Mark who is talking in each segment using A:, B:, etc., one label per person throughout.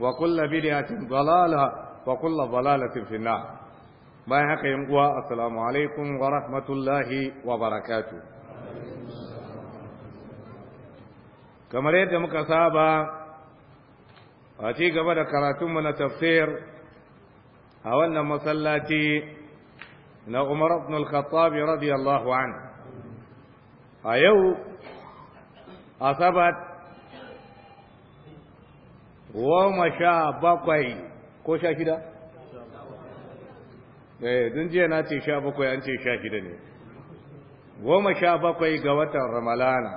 A: وكل بدعة ضلالة وكل ضلالة في النار ما يحقين قوى السلام عليكم ورحمة الله وبركاته كما ريت مكسابة أتيك بدا كراتم من التفسير أولنا مسلاتي من عمر بن الخطاب رضي الله عنه أيو أصابت goma sha bakwai ko sha shida? eh jiya na ce sha bakwai an ce sha shida ne goma sha bakwai ga watan ramalana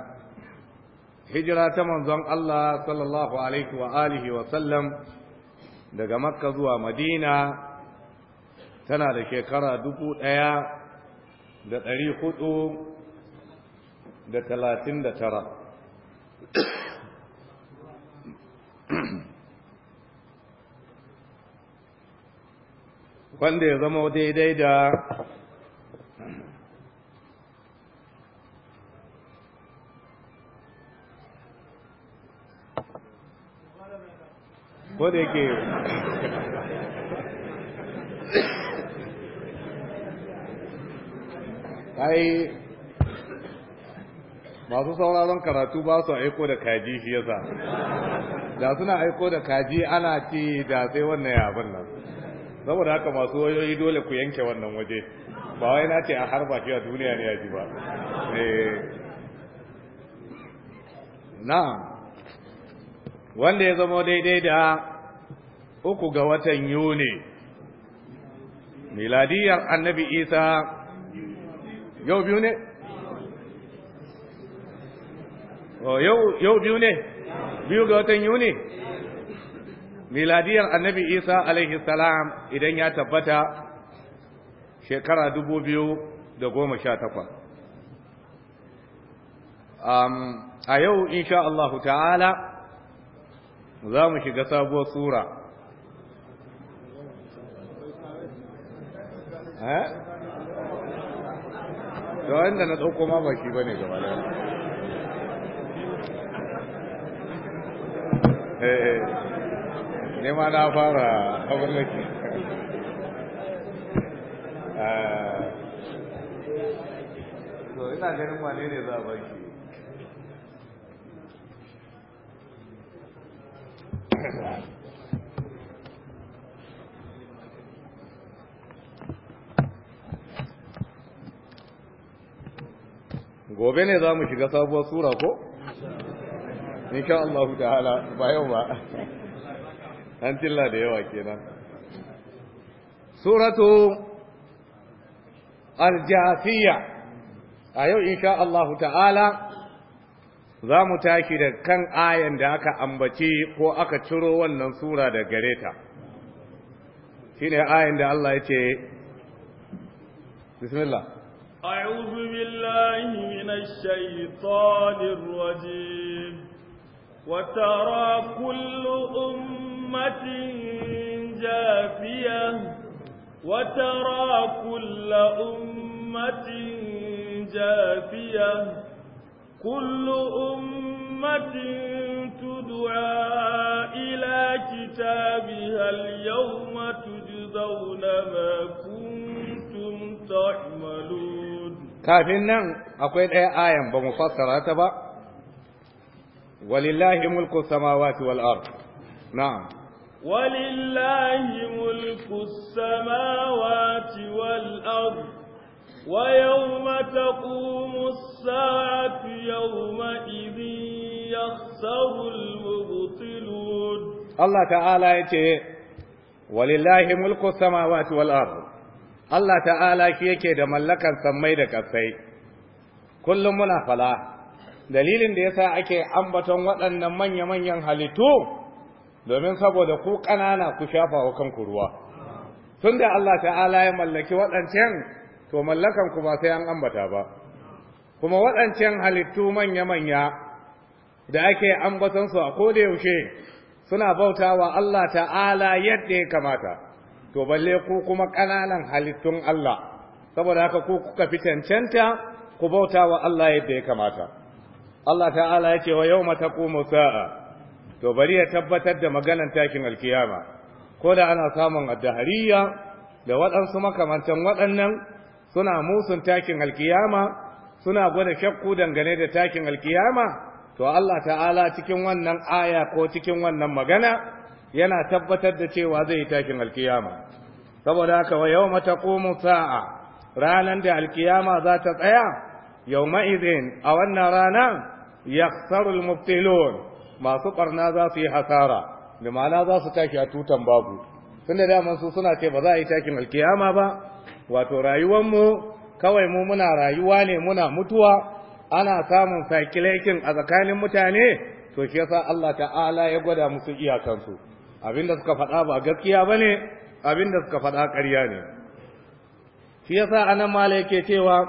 A: hijira ta manzon Allah sallallahu alaihi wa alihi wa sallam daga makka zuwa madina tana da shekara dubu ɗaya da ɗari hudu da talatin da tara wanda ya zama daidai da ko da ai masu sauraron karatu ba su aiko da kaji shi yasa da suna aiko da kaji ana ci da sai wannan yabin saboda haka masu wayoyi dole ku yanke wannan waje ba wai na ce a harba shi a duniya ne ji ba eh. na wanda ya zama daidai da uku ga watan yuni miladiyar annabi isa yau biyu ne oh, yau biyu ne biyu ga watan yuni miladiyar annabi isa alaihi salam idan ya tabbata shekara dubu biyu da goma sha takwas a yau insha Allah ta'ala za mu shiga sabuwar sura da eh? wanda na ɗauko mamaki ba ne gaba da ne ma na fara abin da ke ina ganin wane ne za a baki gobe ne za mu shiga sabuwar sura ko?
B: insha Allah ta ba bayan ba
A: an tilla da yawa kenan suratu al a yau insha Allah ta'ala za mu tashi da kan ayan da aka ambaci ko aka ciro wannan sura da gare ta shine ayan da Allah ya ce bismillah
C: أعوذ بالله من الشيطان الرجيم وترى كل أمة رحمة جافية وترى كل أمة جافية كل أمة تدعى إلى كتابها اليوم تجزون ما كنتم تعملون
A: كافي نعم أقول إيه آية بمفسرة تبا ولله ملك السماوات والأرض نعم
C: Walillahi mulku sama wa ciwon arba'a. Wa yau mata ku mu safiya ma'aiziyar sabon muguci luna.
A: Allah Allah Ta'ala fiye ke da mallakar samai da gaske. Kullum muna fala. Dalilin da yasa ake ambaton waɗannan manya-manya halittu? domin saboda ku ƙanana ku shafa wa kanku ruwa tun da Allah ta'ala ya mallaki waɗancan to mallakan ku ba sai an ambata ba kuma waɗancan halittu manya-manya da ake ambaton su a koda yaushe suna bautawa Allah ta'ala yadda ya kamata to balle ku kuma ƙananan halittun Allah saboda haka ku kuka fi cancanta ku bautawa Allah yadda ya kamata Allah ta'ala ya ce wa yau mata sa'a to bari ya tabbatar da maganan takin alkiyama ko da ana samun addahariya da waɗansu makamantan waɗannan suna musun takin alkiyama suna gwada shakku dangane da takin alkiyama to Allah ta'ala cikin wannan aya ko cikin wannan magana yana tabbatar da cewa zai yi takin alkiyama saboda haka wa yawma taqumu sa'a ranan da alkiyama za ta tsaya yawma idin a wannan rana yaksarul almubtilun masu ɓarna za su yi hasara da ma'ana za su tashi a tutan babu tunda daman su suna ce ba za a yi takin alkiyama ba wato rayuwanmu kawai mu muna rayuwa ne muna mutuwa ana samun sakilekin a tsakanin mutane to shi yasa Allah ta'ala ya gwada musu iyakansu abinda suka faɗa ba gaskiya ba abin abinda suka faɗa ƙarya ne shi yasa anan mala yake cewa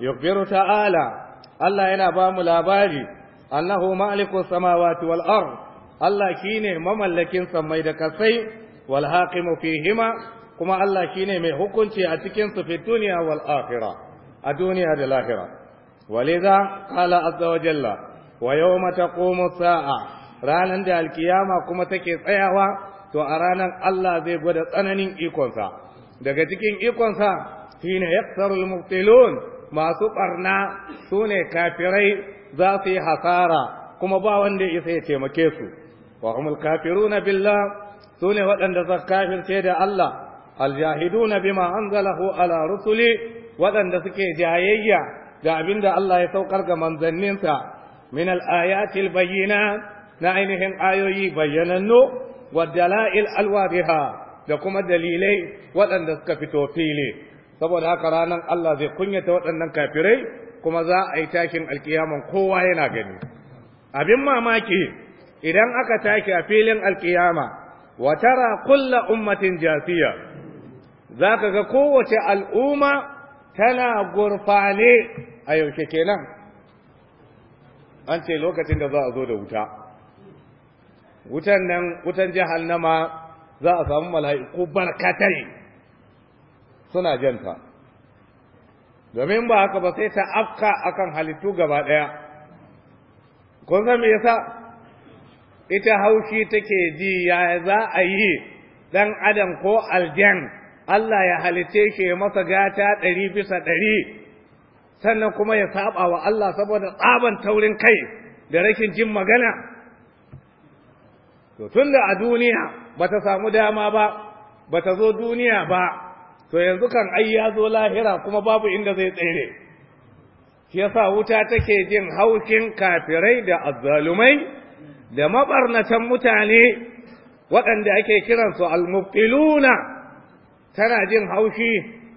A: yukbiru ta'ala Allah yana ba mu labari annahu maliku samawati wal ard Allah shine mamallakin samai da kasai wal haqimu fihima kuma Allah shine mai hukunci a cikin su fi duniya wal akhirah a duniya da lahira walidha qala azza wa jalla wa yawma taqumu sa'a ranan da alkiyama kuma take tsayawa to a ranan Allah zai gwada tsananin ikonsa daga cikin ikonsa shine yaktarul mubtilun masu barna sune kafirai za su yi hasara kuma ba wanda ya isa ya taimake su wa humul kafiruna billah sune waɗanda suka kafirce da Allah aljahiduna bima anzalahu ala rusuli waɗanda suke jayayya ga abinda Allah ya saukar ga manzanninsa min al-ayatil bayyina na ainihin ayoyi bayyananno wa dala'il alwadiha da kuma dalilai waɗanda suka fito fili saboda haka ranar Allah zai kunyata waɗannan kafirai kuma za a yi takin alkiyaman kowa yana gani abin mamaki idan aka take a filin alkiyama wa tara kulla ummatin jasiya za ka ga kowace al'umma tana gurfane a yaushe kenan an ce lokacin da za a zo da wuta wutan nan wutan jahannama za a samu mala'iku barkatai suna janta domin ba haka ba sai ta afka akan halittu gaba ɗaya kun san me yasa ita haushi take ji ya za a yi dan adam ko aljan Allah ya halice shi ya masa gata ɗari bisa ɗari sannan kuma ya saba wa Allah saboda tsaban taurin kai da rashin jin magana to tunda a duniya bata samu dama ba bata zo duniya ba to yanzu kan ai ya zo lahira kuma babu inda zai tsere shi yasa wuta take jin haukin kafirai da azzalumai da mabarnatan mutane waɗanda ake kiran kiransu almubtiluna tana jin haushi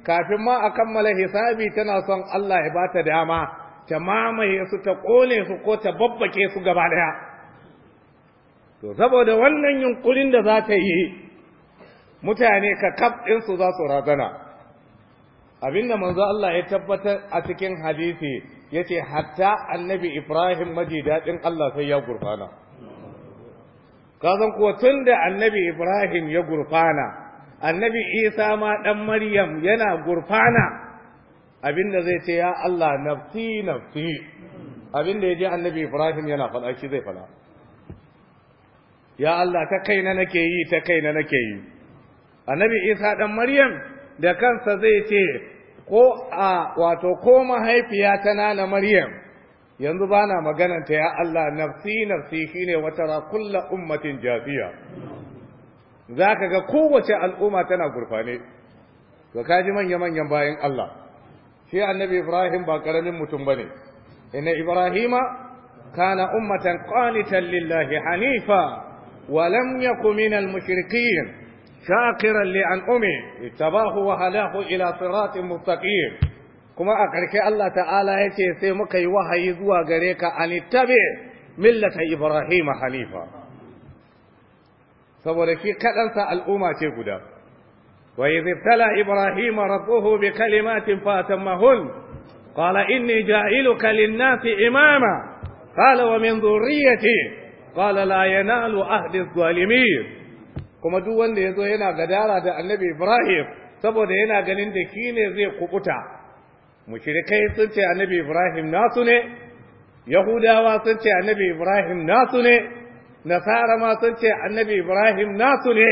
A: kafin ma a kammala hisabi tana son Allah ya bata dama ta mamaye su ta ƙone su ko ta babbake su gaba ɗaya to saboda wannan yunkurin da za ta yi mutane ka kaf ɗinsu za su razana abinda manzo Allah ya tabbatar a cikin hadisi yace hatta annabi Ibrahim maji dadin Allah sai ya gurfana kazan kuwa da annabi Ibrahim ya gurfana annabi Isa ma dan Maryam yana gurfana abinda zai ce ya Allah nafsi nafsi abinda yaje annabi Ibrahim yana faɗa shi zai faɗa ya Allah ta kaina nake yi ta kaina nake yi annabi isa ɗan maryam da kansa zai ce ko a wato ko mahaifiya ta nana maryam yanzu ba na magananta ya Allah nafsi nafsi shine wata ra kulla ummatin jafiya za ka ga kowace al'umma tana gurfane to ka ji manya-manyan bayan Allah shi annabi ibrahim ba karamin mutum ba ne inna ibrahima kana ummatan qanitan lillahi hanifa wa lam yakun minal mushrikin شاكرا لأنعمه اتباه وهداه إلى صراط مستقيم كما أكرك الله تعالى يتي سيمك يوحي ذوى غريك أن اتبع ملة إبراهيم حنيفا saboda shi kaɗansa al'umma ce guda wa yi zittala ibrahim rabbuhu kalimatin fatan mahul qala inni ja'iluka lin-nasi imama qala wa min dhurriyyati qala la kuma duk wanda ya zo yana gadara da annabi ibrahim saboda yana ganin da ki ne zai kuɓuta. mushrikai sun ce annabi ibrahim nasu ne yahudawa sun ce annabi ibrahim nasu ne nasara ma sun ce annabi ibrahim nasu ne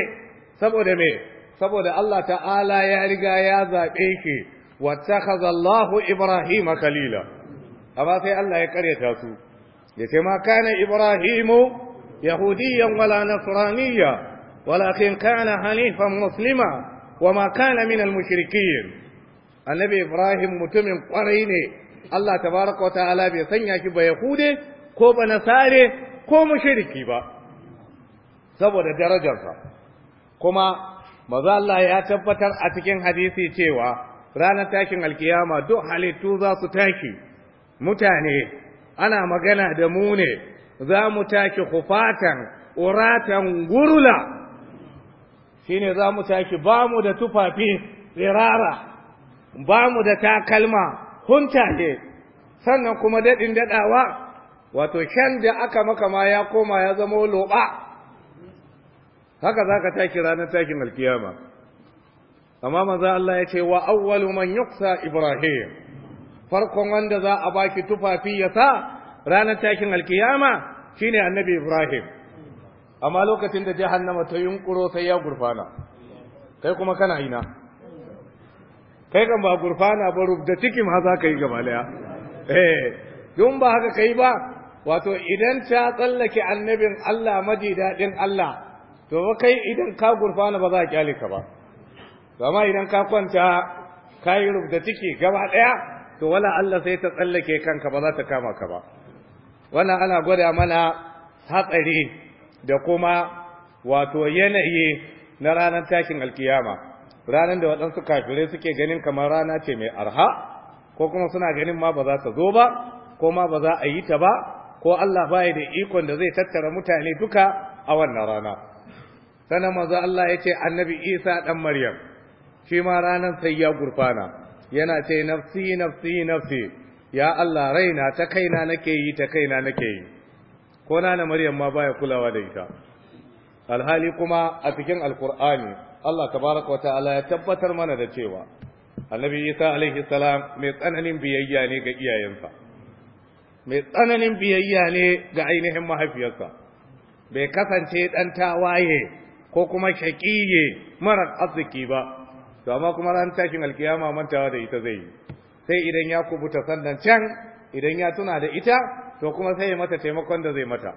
A: saboda me saboda allah ta'ala ya riga ya zaɓe ki wattakhadha Ibrahim ibrahima khalila amma sai allah ya karyata su yace ma kana ibrahimu yahudiyan wala nasraniyya walakin kana hanifan muslima wa ma kana min al annabi ibrahim mutumin kwarai ne Allah tabaraka wa ta'ala bai sanya shi ba yahude ko ba nasare ko mushriki ba saboda darajarsa kuma maza ya tabbatar a cikin hadisi cewa ranar takin alkiyama duk halittu za su taki mutane ana magana da mu ne za mu taki kufatan uratan gurula shine za mu sake ba mu da tufafi tsirara ba mu da takalma hunta ne sannan kuma daɗin daɗawa wato shan da aka makama ya koma ya zama loɓa haka za ka tashi ranar takin alkiyama amma maza Allah ya ce wa awwalu man yuksa ibrahim farkon wanda za a baki tufafi ya sa ranar takin alkiyama shine annabi ibrahim amma lokacin da jahannama ta yunkuro sai ya gurfana kai kuma kana ina kai kan ba gurfana ba rubda cikin ha za ka yi gaba daya eh yun ba haka kai ba wato idan ta tsallake annabin Allah maji dadin Allah to kai idan ka gurfana ba za a kyale ka ba amma idan ka kwanta ka yi rubda ciki gaba daya to wala Allah sai ta tsallake kanka ba za ta kama ka ba wannan ana gwada mana hatsari da kuma wato yanayi na ranar tashin alkiyama ranar da waɗansu kafirai suke ganin kamar rana ce mai arha ko kuma suna ganin ma ba za ta zo ba ko ma ba za a yi ta ba ko Allah baya da ikon da zai tattara mutane duka a wannan rana sannan maza Allah ya ce annabi Isa ɗan Maryam shi ma ranar sai ya gurfana yana ce nafsi nafsi nafsi ya Allah raina ta kaina nake yi ta kaina nake yi ko na maryam ma baya kulawa da ita alhali kuma a cikin alkur'ani Allah tabaraka wata'ala ya tabbatar mana da cewa annabi Isa alaihi salam mai tsananin biyayya ne ga iyayensa mai tsananin biyayya ne ga ainihin mahaifiyarsa bai kasance dan tawaye ko kuma shaqiye mara arziki ba to amma kuma ran tashin alkiyama mantawa da ita zai yi sai idan ya kubuta sannan can idan ya tuna da ita to kuma sai ya mata taimakon da zai mata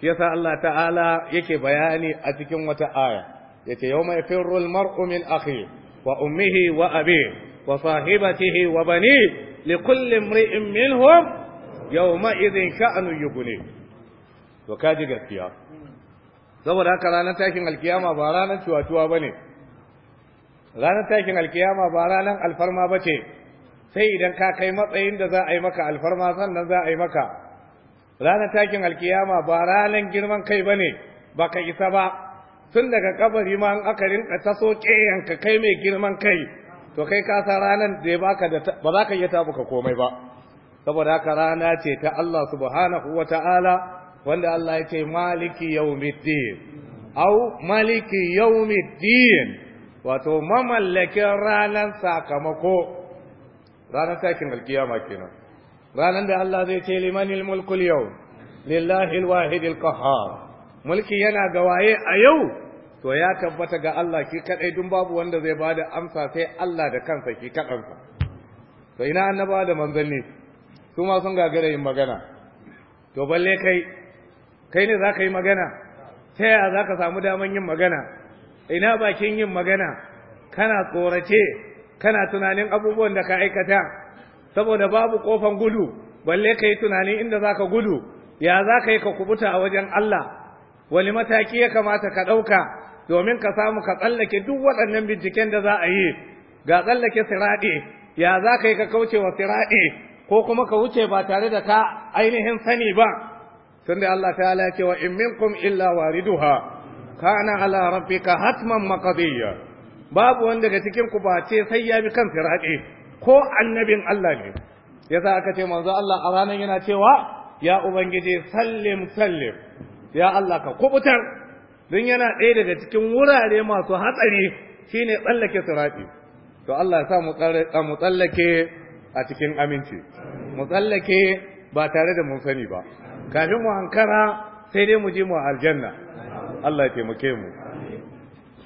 A: yasa Allah ta'ala yake bayani a cikin wata aya yace yawma yafirru al-mar'u min akhi wa ummihi wa abihi wa sahibatihi wa bani li kulli imri'in minhum yawma idhin sha'nu yughni to kaji gaskiya saboda haka ranar takin alkiyama ba ranar ciwatuwa bane ranar tashin alkiyama ba ranar alfarma bace sai idan ka kai matsayin da za a yi maka alfarma sannan za a yi maka ranar takin alkiyama ba ranar girman kai ba ne ba ka isa ba tun daga kabari ma aka rinka ta taso ka kai mai girman kai to kai ka sa ranar da baka da ba za ka iya tabuka komai ba saboda haka rana ce ta Allah subhanahu wa ta'ala wanda Allah ya ce maliki yawmiddin au maliki yawmiddin wato mamallakin ranar sakamako ranar takin alkiyama kenan ranar da Allah zai ce limanil mulkul yau lillahi wahidil qahhar mulki yana ga waye a yau to ya tabbata ga Allah ki kadai dun babu wanda zai bada amsa sai Allah da kansa ki kadansa to ina annaba da manzanni su ma sun gagara yin magana to balle kai kai ne zaka yi magana sai yaya zaka samu daman yin magana ina bakin yin magana kana tsorace kana tunanin abubuwan da ka aikata saboda babu kofan gudu balle ka yi tunanin inda za ka gudu ya za ka yi ka kubuta a wajen Allah wani mataki ya kamata ka ɗauka domin ka samu ka tsallake duk waɗannan binciken da za a yi ga tsallake siraɗe ya za ka yi ka kauce wa siraɗe ko kuma ka wuce ba tare da ka ainihin sani ba Tunda da Allah ta ce wa in minkum illa wariduha kana ala rabbika hatman maqdiyya babu wanda daga cikin ku ce sai ya bi kan sirati ko annabin Allah ne yasa aka ce manzo Allah a ranar yana cewa ya ubangiji sallim sallim ya Allah ka kubutar don yana ɗaya daga cikin wurare masu hatsari shine tsallake sirati to Allah ya sa mu tsallake a cikin aminci mu tsallake ba tare da mun sani ba kafin mu hankara sai dai mu je mu aljanna Allah ya taimake mu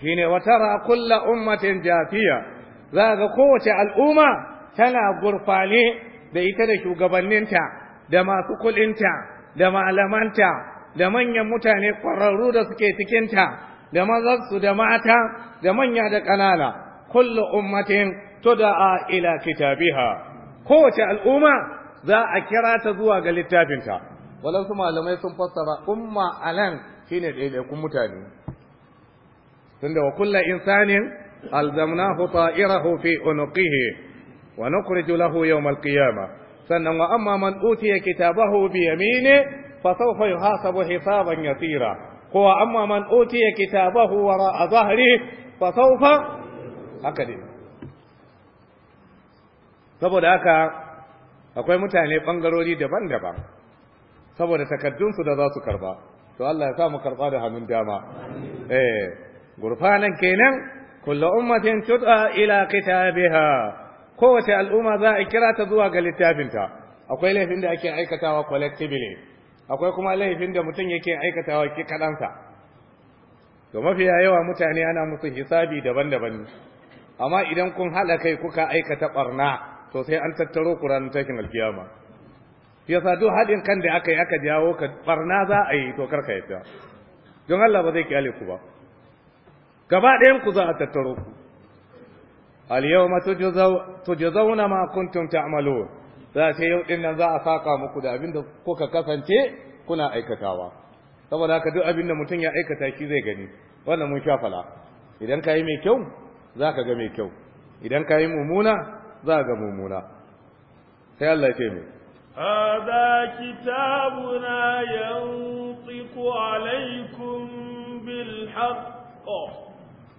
A: shine watara kulla ummatin jafiya za ga kowace al'umma tana gurfane da ita da shugabanninta da masu kulinta da malamanta da manyan mutane kwararru da suke cikinta da mazarsu da mata da manya da ƙanana kullu ummatin tuda'a ila kitabiha kowace al'umma za a kira ta zuwa ga littafinta walansu malamai sun fassara umma anan shine ɗaiɗaikun mutane tunda wa kullu insanin alzamnahu ta'irahu fi unqihi wa nukhriju lahu yawm alqiyama sannan wa amma man utiya kitabahu bi yamini fa sawfa yuhasabu hisaban yasira ko wa amma man utiya kitabahu wara zahri fa sawfa haka dai saboda haka akwai mutane bangarori daban-daban saboda takaddunsu da za su karba to Allah ya sa mu karba da hannun dama eh gurfanan kenan kullu ummatin tud'a ila kitabiha kowace al'umma za a kira ta zuwa ga littafinta akwai laifin da ake aikatawa collectively akwai kuma laifin da mutum yake aikatawa ki kadansa to mafiya yawa mutane ana musu hisabi daban-daban amma idan kun haɗa kai kuka aikata barna to sai an tattaro ku ranar tashin alkiyama yasa duk haɗin kan da aka yi aka jawo ka barna za a yi to karka yadda don Allah ba zai kyale ku ba gaba ɗayan ku za a tattaro ku al-yawma tujzauna ma kuntum ta'malun za ce yau din nan za a saƙa muku da abin da kuka kasance kuna aikatawa saboda haka duk abin da mutum ya aikata shi zai gani wannan mun shafala idan ka yi mai kyau za ka ga mai kyau idan ka yi mummuna za ga mummuna sai Allah ce mai
C: هذا كتابنا ينطق عليكم بالحق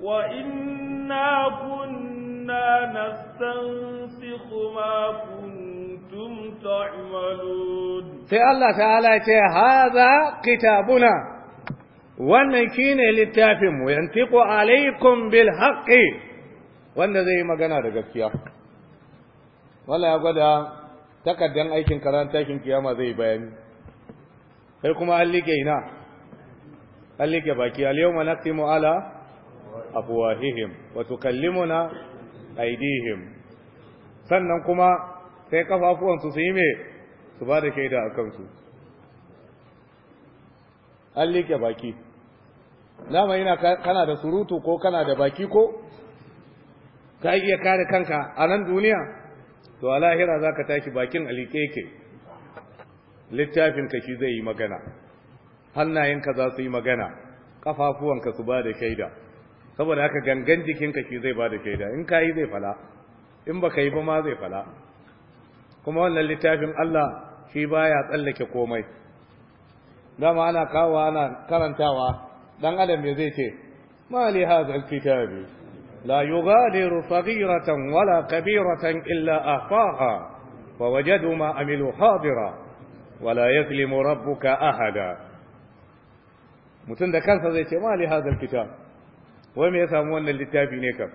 C: وإنا كنا نستنسخ ما كنتم تعملون
A: سي الله تعالى هذا kitabuna. wannan shine littafin mu yantiqu alaikum bil haqqi wanda zai magana da gaskiya Wala ya gwada takaddan aikin karanta kin kiyama zai bayani sai kuma allike ina allike baki al yawma naqimu ala afwahihim wa tukallimuna aidihim sannan kuma sai kafafuwansu su yi me su ba da shaida a kansu an liƙe baki dama yana kana da surutu ko kana da baki ko ka iya kare kanka a nan duniya to a lahira za ka tashi bakin a liƙe yake littafinka shi zai yi magana hannayenka za su yi magana ƙafafuwanka su ba da shaida saboda haka gangan jikinka shi zai bada shaida in ka yi zai fala in ba ka yi ba ma zai fala kuma wannan littafin Allah shi baya tsallake komai dama ana kawo ana karantawa dan adam ya zai ce ma li hadha alkitabi la yughadiru saghiratan wala kabiratan illa ahsaha wa wajadu ma amilu hadira wala yazlimu rabbuka ahada mutum da kansa zai ce ma li hadha wai me ya samu wannan littafi ne kam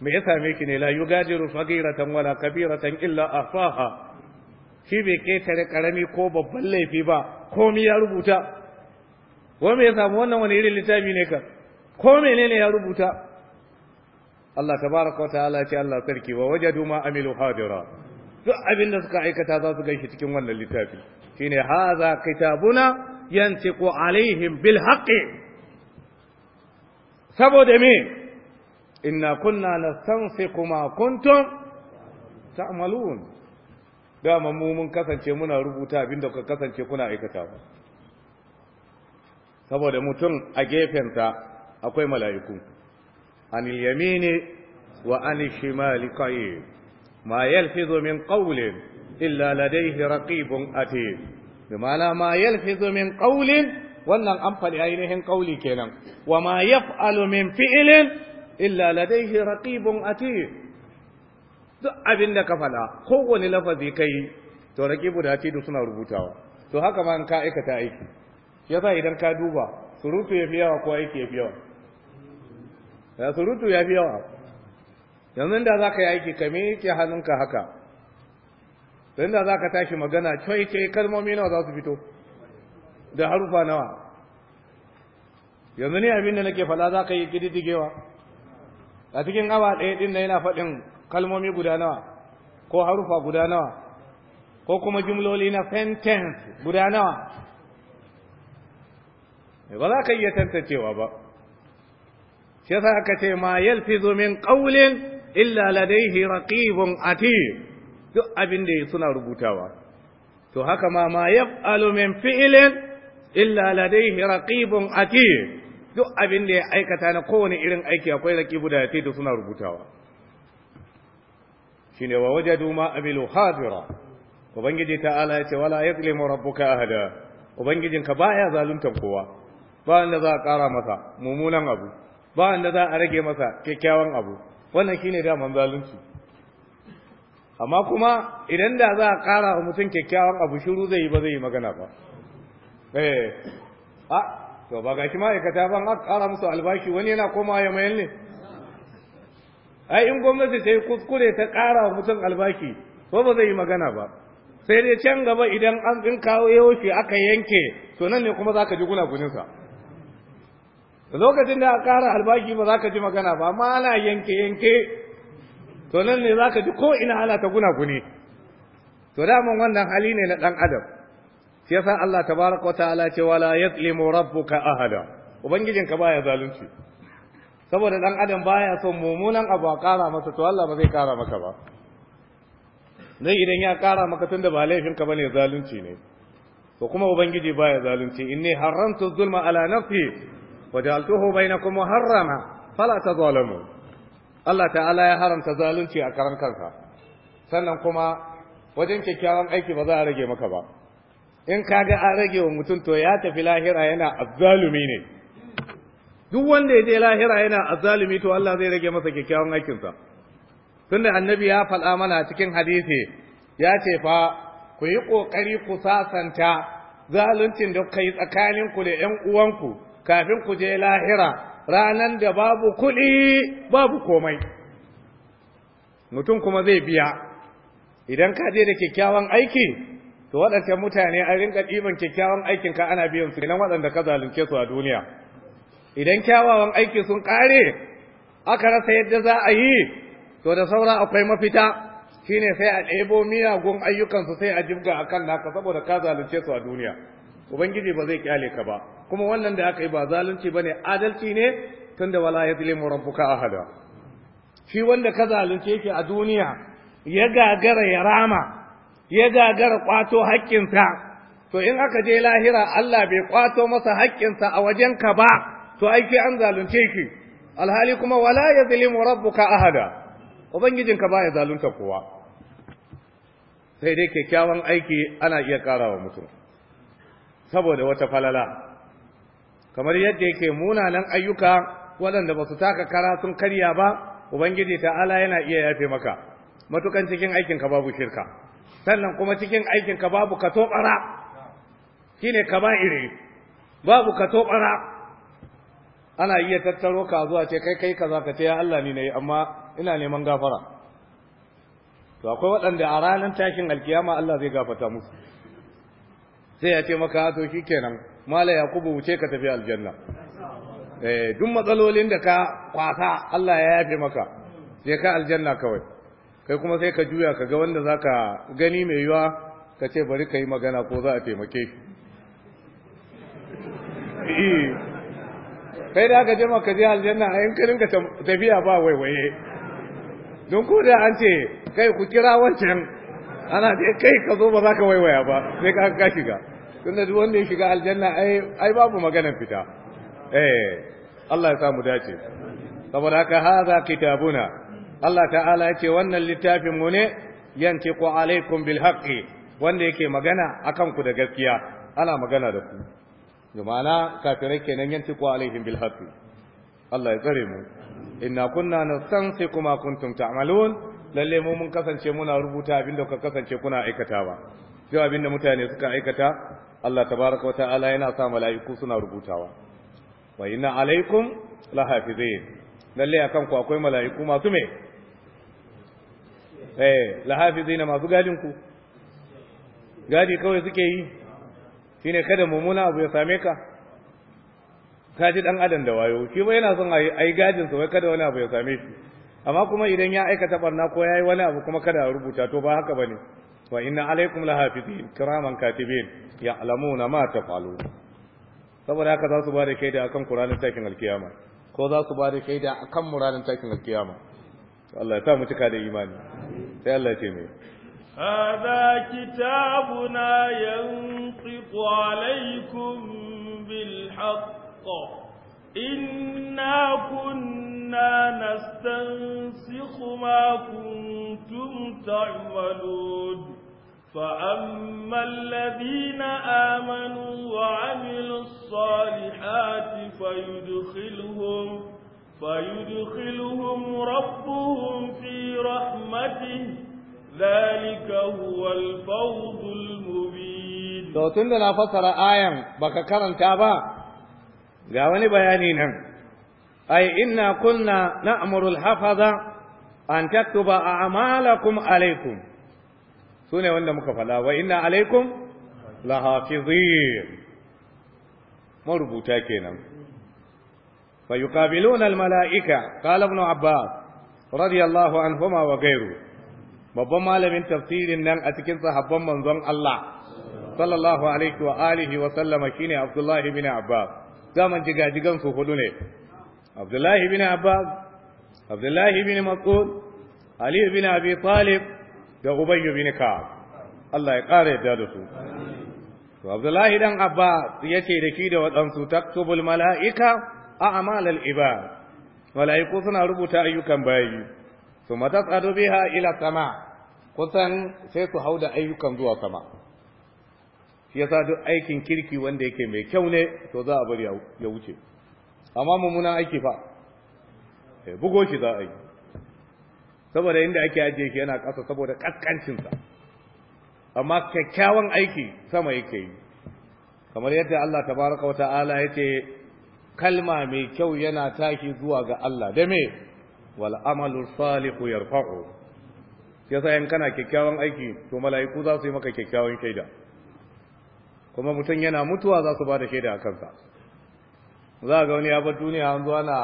A: me ya same ki ne la yugadiru fagiratan wala kabiratan illa afaha shi bai ketare karami ko babban laifi ba komai ya rubuta wai me ya samu wannan wani irin littafi ne kam ko menene ya rubuta Allah tabaraka wataala ce Allah sarki wa wajadu ma amilu hadira duk abin da suka aikata za su gaishe cikin wannan littafi shine haza kitabuna yantiqu alaihim bil haqqi saboda me inna kunna nastansiqu ma kuntum ta'malun dama mu mun kasance muna rubuta abinda kuka kasance kuna aikatawa saboda mutum a gefensa akwai mala'iku anil yamini wa anil shimali qayyim ma yalfizu min qawlin illa ladayhi raqibun atid bimana ma yalfizu min qawlin wannan an faɗi ainihin kauli kenan wa ma yaf'alu min fi'lin illa ladayhi raqibun atid duk abin da ka faɗa kowane lafazi kai to raqibu da atid suna rubutawa to haka ma in ka aikata aiki yasa idan ka duba surutu ya fi yawa ko aiki ya fi yawa surutu ya fi yawa yanzu da za ka yi aiki ka miƙe hannunka haka don da za ka tashi magana coi ce kalmomi nawa za su fito da harufa nawa yanzu ne abin da nake fada za ka yi kididigewa a cikin awa ɗaya ɗin na yana faɗin kalmomi guda nawa ko harufa guda nawa ko kuma jimloli na sentence guda nawa ba za ka iya tantancewa ba shi yasa aka ce ma yalfizu min ƙaulin illa ladayhi raqibun atid duk abin da suna rubutawa to haka ma ma yaf'alu min fi'lin illa ladaihi raqibun atid duk abin da ya aikata na kowane irin aiki akwai raqibu da da suna rubutawa shine wa wajadu ma abilu hadira ubangiji ta'ala ya ce wala yazlimu rabbuka ahada ka baya zaluntan kowa ba wanda za a kara masa mummunan abu ba wanda za a rage masa kyakkyawan abu wannan shine da man zalunci amma kuma idan da za a kara wa mutum kyakkyawan abu shiru zai yi ba zai yi magana ba eh a to ba gashi ma'aikata ban ƙara musu albashi wani yana koma ya mayen ne ai in gwamnati ta yi kuskure ta ƙara mutum albashi ko ba zai yi magana ba sai dai can gaba idan an in kawo yaushe aka yanke to nan ne kuma za ka ji gunaguninsa lokacin da aka ƙara albashi ba za ka ji magana ba amma ana yanke yanke to nan ne za ka ji ko ina ana ta guna guni. to da mun wannan hali ne na ɗan adam yasa Allah tabaraka wa ta'ala ce wala yazlimu rabbuka ahada Ubangijin ka baya zalunci saboda dan adam baya son mummunan abu a kara masa to Allah ba zai kara maka ba dan idan ya kara maka tunda ba laifin ka bane zalunci ne to kuma ubangiji baya zalunci inni harramtu zulma ala nafsi waja'altuhu bainakum muharrama fala tazalamu Allah ta'ala ya haramta zalunci a karan kanka sannan kuma wajen kyakkyawan aiki ba za a rage maka ba in kaga an rage wa mutum to ya tafi lahira yana azzalumi ne duk wanda ya je lahira yana azzalumi to Allah zai rage masa kyakkyawan aikinsa tunda annabi ya faɗa mana cikin hadisi ya ce fa ku yi ƙoƙari ku sasanta zaluncin da kai tsakaninku da ƴan uwanku kafin ku je lahira ranan da babu kuɗi babu komai mutum kuma zai biya idan ka je da kyakkyawan aiki to waɗancan mutane an rinka ɗiban kyakkyawan aikin ka ana biyan su idan waɗanda ka zalunce su a duniya idan kyawawan aiki sun ƙare aka rasa yadda za a yi to da saura akwai mafita shine sai a ɗebo miyagun ayyukansu sai a jibga a kan naka saboda ka zalunce su a duniya ubangiji ba zai kyale ka ba kuma wannan da aka yi ba zalunci ba ne adalci ne tunda wala ya zilimu rabbuka ahada shi wanda ka zalunce shi a duniya ya gagara ya rama ya gagara kwato haƙƙinsa to in aka je lahira Allah bai kwato masa haƙƙinsa a wajenka ba to aiki an zalunce ki alhali kuma wala ya yazlimu rabbuka ahada ubangijinka ba ya zalunta kowa sai dai kyakkyawan aiki ana iya ƙarawa mutum saboda wata falala kamar yadda yake munanan ayyuka waɗanda ba su taka kara sun karya ba ubangiji ta'ala yana iya yafe maka matukan cikin aikinka babu shirka sannan kuma cikin aikinka babu ka toɓara shine kaba'iri babu ka toɓara ana iya tattaro ka zuwa ce kai kai kaza ka ce ya Allah ni yi. amma ina neman gafara to akwai waɗanda a ranar tashin alkiyama Allah zai gafata musu sai ya ce maka to kenan. mala yakubu wuce ka tafi aljanna eh duk matsalolin da ka kwasa Allah ya yafe maka sai ka aljanna kawai kai kuma sai ka juya ka ga wanda za ka gani mai yiwa ka ce bari ka yi magana ko za a taimake shi eh. kai da aka jama ka je aljanna a yin karin ka tafiya ba waiwaye don ko da an ce kai ku kira wancan ana ce kai ka zo ba za ka waiwaya ba sai ka ka shiga tun da wanda ya shiga aljanna ai babu maganar fita eh Allah ya samu dace saboda haka haza kitabuna Allah ta'ala ya ce wannan littafin mu ne ku alaikum bil haqqi wanda yake magana akan ku da gaskiya ana magana da ku jama'a kafirai kenan ku alaikum bil haqqi Allah ya tsare mu inna kunna nastansi kuma kuntum ta'malun lalle mu mun kasance muna rubuta abin da kuka kasance kuna aikatawa abin da mutane suka aikata Allah tabaraka wa ta'ala yana sa mala'iku suna rubutawa wa inna alaikum lahafizin lalle akan ku akwai mala'iku masu me eh na masu gadin ku gadi kawai suke yi shine kada mummuna abu ya same ka ka ji dan adam da wayo shi ba yana son a yi gadin sa wai kada wani abu ya same shi amma kuma idan ya aikata barna ko ya yi wani abu kuma kada a rubuta to ba haka bane wa inna alaikum lahafizin kiraman katibin ya'lamuna ma falo. saboda haka za su ba da kaida akan Qur'anin takin alkiyama ko za su ba da kaida akan muranin takin alkiyama Allah ya sa mu cika da imani sai Allah ya ce
C: hada kitabuna yanqitu alaykum bil haqq inna kunna nastansikhu ma kuntum ta'malun فأما الذين آمنوا وعملوا الصالحات فيدخلهم فيدخلهم ربهم في رحمته ذلك هو الفوز المبين to
A: tunda na fasara ayan baka karanta ba ga wani bayani nan ay inna kunna na'muru al-hafaza an taktuba a'malakum alaykum sune wanda muka fada wa inna alaykum lahafizin marubuta kenan فيقابلون الملائكة قال ابن عباس رضي الله عنهما وغيره babban malamin tafsirin nan a cikin sahabban manzon Allah sallallahu alaihi wa alihi wa sallama shine Abdullah ibn Abbas zaman jigajigan su hudu ne Abdullah ibn Abbas Abdullah ibn Mas'ud Ali ibn Abi Talib da Ubay ibn Ka'ab Allah ya kare yadda da su to Abdullah dan Abbas yace da ki da wadansu taktubul mala'ika a'mal al-ibad malaiku suna rubuta ayyukan bayi su matasadu biha ila sama kusan sai su hauda ayyukan zuwa sama shi yasa duk aikin kirki wanda yake mai kyau ne to za a bari ya wuce amma mummuna aiki fa bugo shi za a yi saboda inda ake ajiye shi yana ƙasa saboda ƙasƙancinsa amma kyakkyawan aiki sama yake yi kamar yadda Allah tabaraka wa ta'ala ya ce kalma mai kyau yana tashi zuwa ga Allah da me wal amalu salihu yarfa'u yasa in kana kyakkyawan aiki to mala'iku za su yi maka kyakkyawan shaida kuma mutum yana mutuwa za su ba da shaida a kansa za ga wani ya bar duniya an zo ana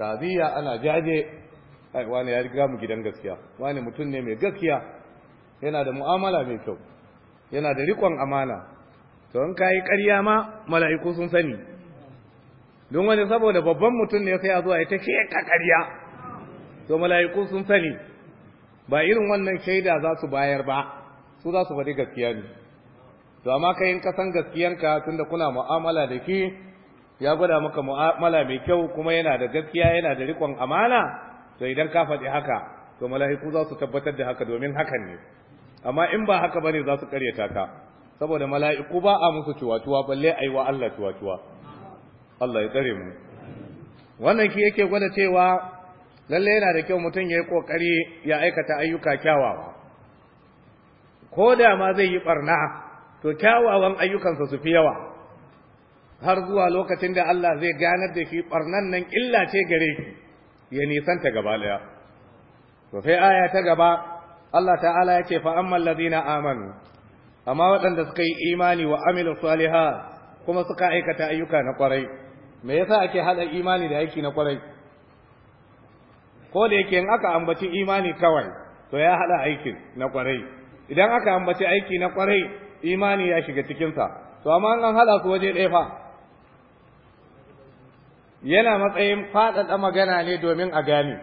A: sadiya ana jaje ai wani ya riga mu gidan gaskiya wani mutum ne mai gaskiya yana da mu'amala mai kyau yana da rikon amana to in kai ƙarya ma mala'iku sun sani don wani saboda babban mutum ne sai a zuwa ita ta kakariya, to mala'iku sun sani ba irin wannan shaida za su bayar ba su za su faɗi gaskiya ne to amma kai in ka san gaskiyanka tunda kuna mu'amala da ki ya gwada maka mu'amala mai kyau kuma yana da gaskiya yana da rikon amana to idan ka faɗi haka to mala'iku za su tabbatar da haka domin hakan ne amma in ba haka bane za su karyata ka saboda mala'iku ba a musu ciwa-ciwa balle yi wa Allah ciwa Allah ya tsare mu wannan ki yake gwada cewa lallai yana da kyau mutum ya yi kokari ya aikata ayyuka kyawawa ko da ma zai yi barna to kyawawan ayyukansa su fi yawa har zuwa lokacin da Allah zai ganar da shi barnan nan illa ce gare ki ya nisanta gaba daya to sai aya ta gaba Allah ta'ala yake fa ammal ladina amanu amma waɗanda suka yi imani wa amilu Saliha kuma suka aikata ayyuka na kwarai me yasa ake hada imani da aiki na kwarai ko da yake in aka ambaci imani kawai to ya hada aiki na kwarai idan aka ambaci aiki na kwarai imani ya shiga cikinsa to amma an hada su waje ɗaya fa yana matsayin faɗaɗa magana ne domin a gane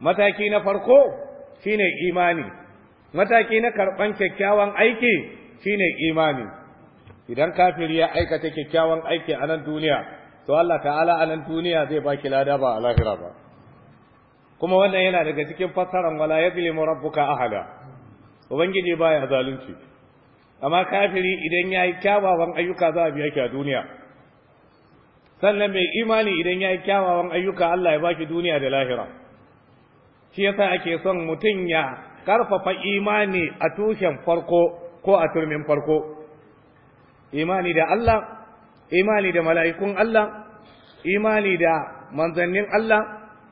A: mataki na farko shine imani mataki na karɓan kyakkyawan aiki shine imani idan kafiri ya aikata kyakkyawan aiki a nan duniya to Allah ta'ala a nan duniya zai baki lada ba a lahira ba kuma wannan yana daga cikin fassaran wala ya yazlimu rabbuka ahada ubangiji baya zalunci amma kafiri idan yayi kyawawan ayyuka za a biya ki a duniya sannan mai imani idan yayi kyawawan ayyuka Allah ya baki duniya da lahira shi yasa ake son mutum ya karfafa imani a tushen farko ko a turmin farko imani da Allah imani da mala'ikun Allah imani da manzannin Allah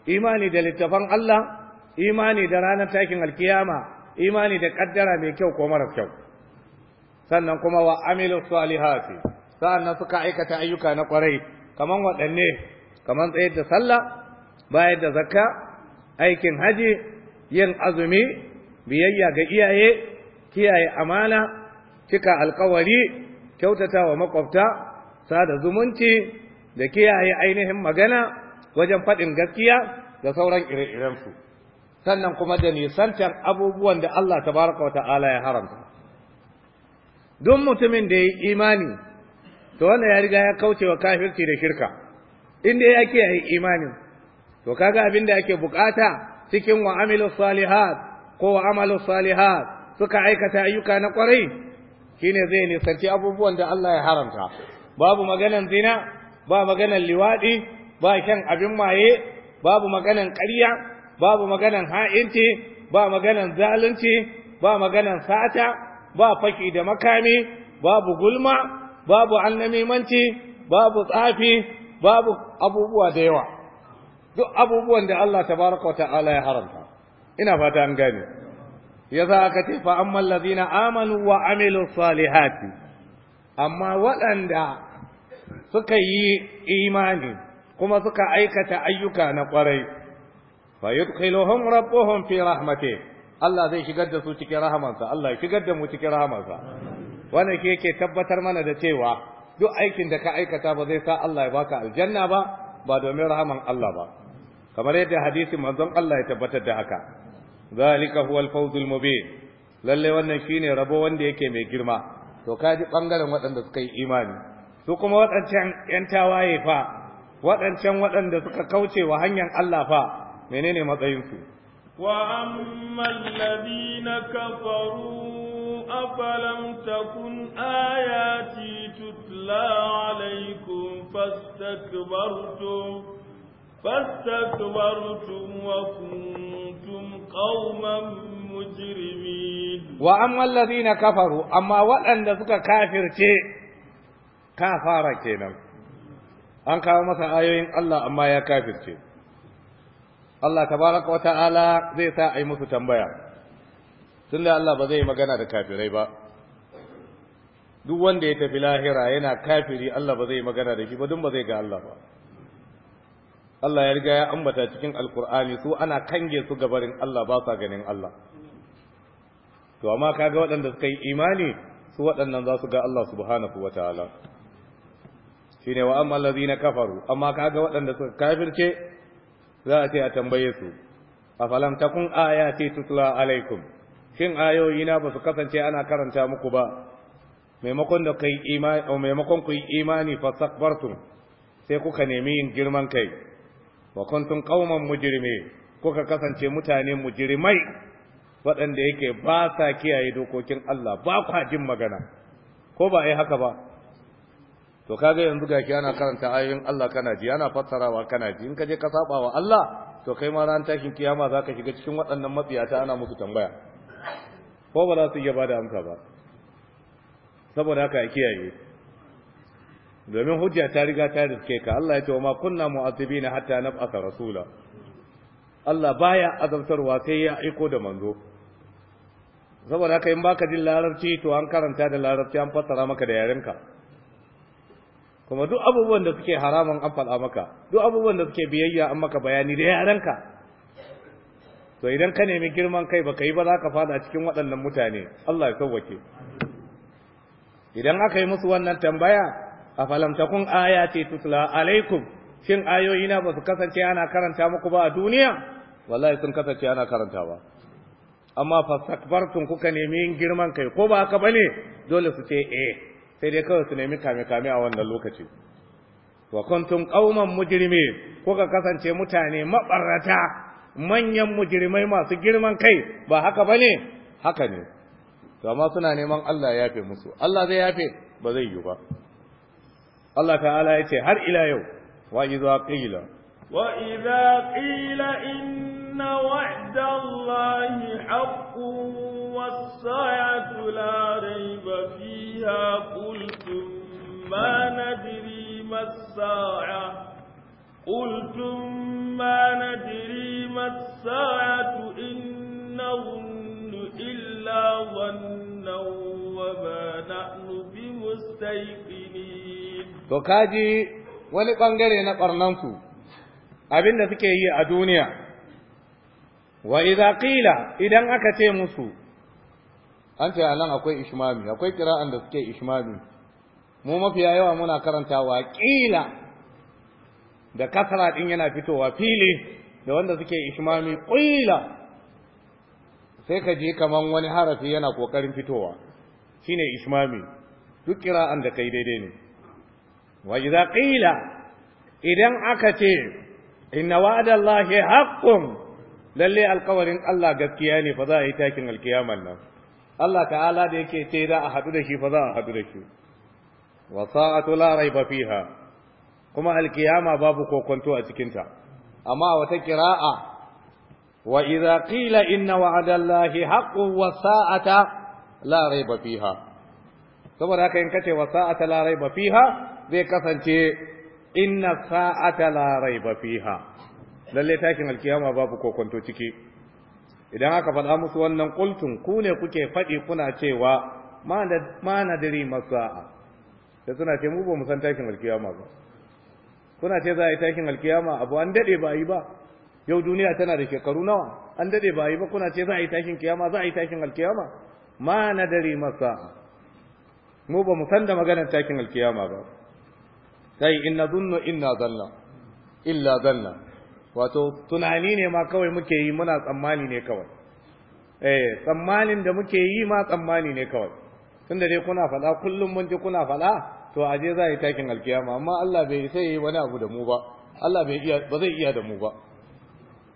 A: imani da littafan Allah imani da ranar takin alkiyama imani da kaddara mai kyau ko mara kyau sannan kuma wa amilu salihati sa'annan suka aikata ayyuka na kwarai kaman waɗanne kaman tsayar da sallah bayar da zakka aikin haji yin azumi biyayya ga iyaye kiyaye amana cika alkawari kyautata wa makwabta sada zumunci da kiyaye ainihin magana wajen faɗin gaskiya da sauran ire-irensu sannan kuma da nisantar abubuwan da Allah tabaraka wata'ala ya haramta duk mutumin da ya yi imani to wanda ya riga ya kauce wa kafirci da shirka inda ya yi imani to kaga abin da ake bukata cikin wa amilu salihat ko wa amalu salihat suka aikata ayyuka na kwarai shine zai nisanci abubuwan da Allah ya haramta babu maganan zina ba maganan liwaɗi ba shan abin maye babu maganan ƙarya babu maganan ha'inci ba maganan zalunci ba maganan sata ba faki da makami babu gulma babu annamimanci babu tsafi babu abubuwa da yawa duk abubuwan da Allah tabaraka wa ta'ala ya haramta ina fata an gane yasa aka ce fa amman ladina amanu wa amilu salihati amma waɗanda suka yi imani kuma suka aikata ayyuka na ƙwarai fa yudkhiluhum rabbuhum fi rahmati Allah zai shigar da su cikin rahamansa Allah ya shigar da mu cikin rahamansa wannan ke yake tabbatar mana da cewa duk aikin da ka aikata ba zai sa Allah ya baka aljanna ba ba domin rahaman Allah ba kamar yadda hadisin manzon Allah ya tabbatar da haka zalika huwal fawzul mubin lalle wannan shine rabo wanda yake mai girma to kaji bangaren waɗanda suka yi imani su kuma waɗancan ƴan tawaye fa waɗancan waɗanda suka kauce wa hanyar Allah fa menene matsayinsu
C: wa ammal ladina kafaru afalam takun ayati tutla alaykum fastakbartum wa kuntum qauman
A: wa amma alladhina kafaru amma wadanda suka kafirce kafara kenan an kawo masa ayoyin Allah amma ya kafirce Allah tabaraka wa ta'ala zai sa ayi musu tambaya tunda Allah ba zai magana da kafirai ba duk wanda ya tafi lahira yana kafiri Allah ba zai magana da shi ba dun ba zai ga Allah ba Allah ya riga ya ambata cikin alkur'ani su ana kange su gabarin Allah ba sa ganin Allah to amma kaga waɗanda suka yi imani su waɗannan za su ga Allah subhanahu wa ta'ala shine wa amma allazina kafaru amma kaga waɗanda suka kafirce za a ce a tambaye su afalam takun ayati tutla alaikum shin ayoyi na su kasance ana karanta muku ba maimakon da kai imani oh, maimakon ku yi imani fastakbartum sai kuka nemi yin girman kai wa kuntum qauman kuka kasance mutane mujrimai waɗanda yake ba sa kiyaye dokokin Allah ba kwa jin magana ko ba ai haka ba to kaga yanzu gaki ana karanta ayoyin Allah kana ji ana fassarawa kana ji in ka je ka saba wa Allah to kai ma ran tashin kiyama zaka shiga cikin waɗannan matsiyata ana musu tambaya ko ba za su iya bada amsa ba saboda haka kiyaye domin hujja ta riga ta riske ka Allah ya ce ma kunna mu'azzibina hatta nab'atha rasula Allah baya azabtarwa sai ya aiko da manzo saboda haka in baka jin larabci to an karanta da larabci an fassara maka da yarenka kuma duk abubuwan da suke haraman an faɗa maka duk abubuwan da suke biyayya an maka bayani da yarenka to idan ka nemi girman kai baka yi ba za ka fada cikin waɗannan mutane Allah ya sauwake idan aka yi musu wannan tambaya a falamtakun ayati tutla alaikum shin ayoyina ba su kasance ana karanta muku ba a duniya wallahi sun kasance ana ba. amma fastakbartum kuka nemi yin girman kai ko ba haka bane dole su ce eh sai dai kawai su nemi kame kame a wannan lokaci wa kuntum qauman mujrimi kuka kasance mutane mabarrata manyan mujrimai masu girman kai ba haka bane haka ne to amma suna neman Allah ya yafe musu Allah zai yafe ba zai yi ba Allah ta'ala ya ce har ila yau wa idza qila
C: wa idza qila in إن وعد الله حق والساعة لا ريب فيها قلتم ما ندري ما الساعة قلتم ما ندري ما الساعة إن نظن إلا ظنا وما نحن بمستيقنين
A: to kaji wani bangare na barnanku abinda suke yi a duniya wa idza qila idan aka ce musu an ce anan akwai ishmami akwai kira'an da suke ishmami mu mafiya yawa muna karanta wa qila da kasra din yana fitowa fili da wanda suke ishmami qila sai ka ji kaman wani harafi yana kokarin fitowa shine ishmami duk kira'an da kai daidai ne wa idza qila idan aka ce inna wa'dallahi haqqun lalle alkawarin Allah gaskiya ne fa za a yi takin alkiyaman nan Allah ta'ala da yake ce da a haɗu da shi fa za a haɗu da shi wa sa'atu la raiba fiha kuma alkiyama babu kokonto a cikin ta amma wata qira'a wa idza qila inna wa'ada Allahi haqqun wa sa'ata la raiba fiha saboda haka in kace wa sa'ata la raiba fiha zai kasance inna sa'ata la raiba fiha lalle takin alkiyama babu kokonto ciki idan aka faɗa musu wannan kultun ku ne kuke faɗi kuna cewa ma na diri masa'a da suna ce mu ba mu san takin alkiyama ba kuna ce za a yi takin alkiyama abu an daɗe ba a yi ba yau duniya tana da shekaru nawa an daɗe ba a yi ba kuna ce za a yi takin kiyama za a yi takin alkiyama ma na diri masa'a mu ba mu san da maganar takin alkiyama ba sai inna zunnu inna zanna illa zanna wato tunani ne ma kawai muke yi muna tsammani ne kawai eh tsammanin da muke yi ma tsammani ne kawai tunda dai kuna faɗa kullum mun ji kuna faɗa to aje za yi takin alkiyama amma Allah bai sai yi wani abu da mu ba Allah bai iya ba zai iya da mu ba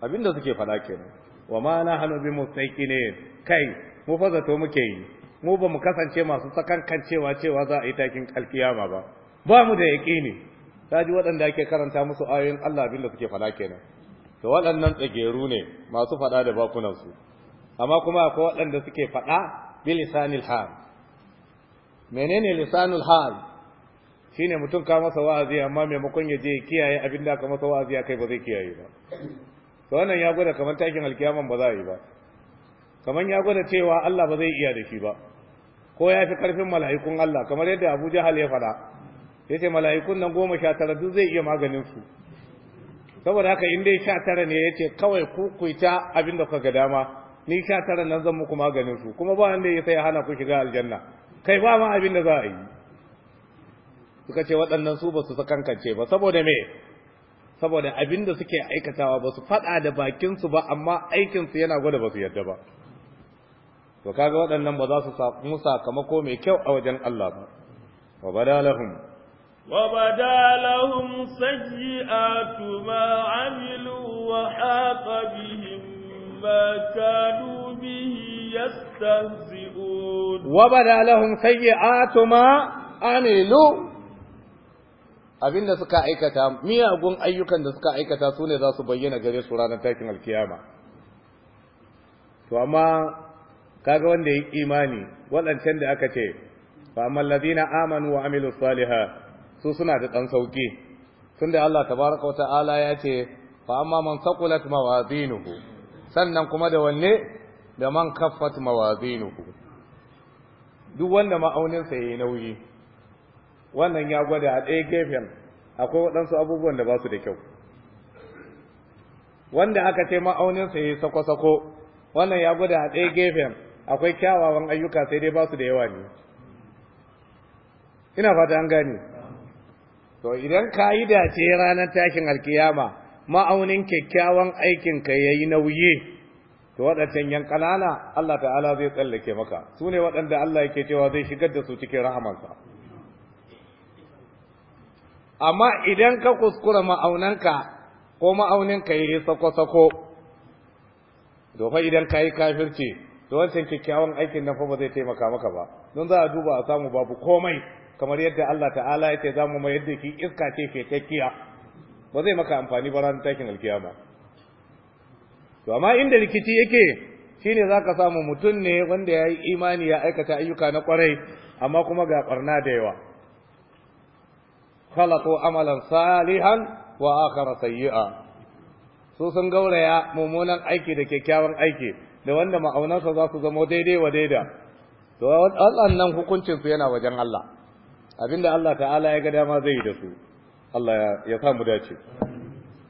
A: abinda suke faɗa kenan wa ma nahnu bi mustaqinin kai mu fa zato muke yi mu ba mu kasance masu sakankancewa cewa za a yi takin alkiyama ba ba mu da yaqini Ta ji waɗanda ake karanta musu ayoyin Allah abin da suke fada kenan to waɗannan tsageru ne masu fada da su. amma kuma akwai waɗanda suke fada lisanil hal menene lisanul hal shine mutum ka masa wa'azi amma maimakon ya je kiyaye abin da aka masa wa'azi akai ba zai kiyaye ba to wannan ya gwada kamar takin alkiyaman ba za a yi ba kamar ya gwada cewa Allah ba zai iya da shi ba ko ya fi karfin mala'ikun Allah kamar yadda Abu Jahal ya fada ya ce mala'ikun nan goma sha tara duk zai iya maganin su saboda haka in dai sha tara ne ya ce kawai ku kuita abin da kuka ga dama ni sha tara nan zan muku maganin su kuma ba wanda ya sai hana ku shiga aljanna kai ba ma abin da za a yi suka ce waɗannan su ba su sakankance ba saboda me saboda abin da suke aikatawa ba su faɗa da bakinsu ba amma aikinsu yana gwada ba su yadda ba to kaga waɗannan ba za su samu sakamako mai kyau a wajen Allah ba wa badalahum
C: وبدا لهم سيئات ما عملوا وحاق بهم ما كانوا به يستهزئون
A: وبدا لهم سيئات ما عملوا suka aikata miyagun ayyukan da suka aikata su ne za su bayyana gare su ranar takin alkiyama to amma kaga wanda ya imani waɗancan da aka ce fa amma ladina amanu wa amilu salihah su suna da ɗan sauƙi da Allah tabaraka wata'ala ya ce fa amma man saqulat mawazinuhu sannan kuma da wanne da man kaffat mawazinuhu duk wanda ma'auninsa ya yayi nauyi wannan ya gwada a ɗaya gefen akwai waɗansu abubuwan da ba su da kyau wanda aka ce ma'auninsa ya yi sako-sako wannan ya gwada a ɗaya gefen akwai kyawawan ayyuka sai dai ba su da yawa ne ina fata an gani. to idan ka yi dace ranar tashin alkiyama ma'aunin kyakkyawan aikinka ya yi nauyi to waɗancan yan ƙanana Allah ta'ala zai tsallake maka su ne waɗanda Allah yake cewa zai shigar da su cikin rahamansa amma idan ka kuskura ma'aunanka ko ma'auninka ya yi sako-sako dofa idan ka yi kafirci to wancan kyakkyawan aikin nan fa ba zai taimaka maka ba don za a duba a samu babu komai kamar yadda Allah ta'ala ya ce za mu mayar da iska ce ke fekakkiya ba zai maka amfani ba ranar takin alkiyama to amma inda rikici yake shine zaka samu mutum ne wanda ya yi imani ya aikata ayyuka na kwarai amma kuma ga barna da yawa khalaqu amalan salihan wa akhara sayyi'a su sun gauraya mummunan aiki da kyakkyawan aiki da wanda ma'aunansa za su zama daidai wa daida to waɗannan hukuncinsu yana wajen Allah abinda Allah ta'ala ya ga dama zai da su Allah ya samu dace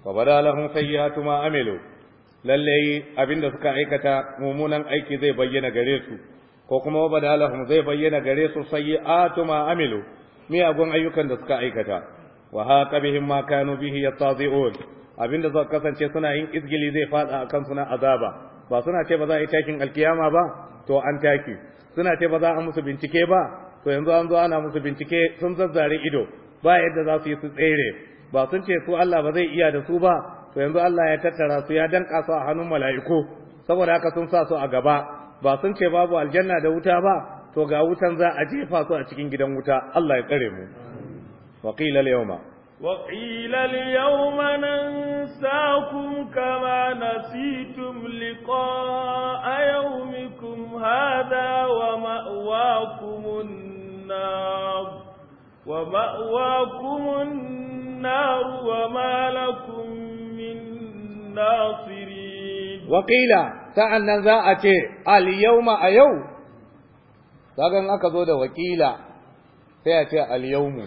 A: wa bada lahum sayyi'atu ma amilu lalle abinda suka aikata mummunan aiki zai bayyana gare su ko kuma wa bada lahum zai bayyana gare su sayyi'atu ma amilu miyagun ayyukan da suka aikata wa haqa bihim ma kanu bihi yattazi'un abinda zai kasance suna yin izgili zai fada akan suna azaba ba suna ce ba za a yi takin alkiyama ba to an taki suna ce ba za a musu bincike ba to yanzu an zo ana musu bincike sun zazzare ido ba yadda za su yi su tsere ba sun ce su Allah ba zai iya da su ba to yanzu Allah ya tattara su ya danka su a hannun mala'iku saboda haka sun sa su a gaba ba sun ce babu aljanna da wuta ba to ga wutan za a jefa su a cikin gidan wuta Allah ya tsare mu waqila al-yawma
C: وقيل اليوم ننساكم كما نسيتم لقاء يومكم هذا ومأواكم النار النار ومأواكم النار وما لكم من
A: za a ce al-yawma a yau kagan aka zo da wakila sai a ce al-yawmu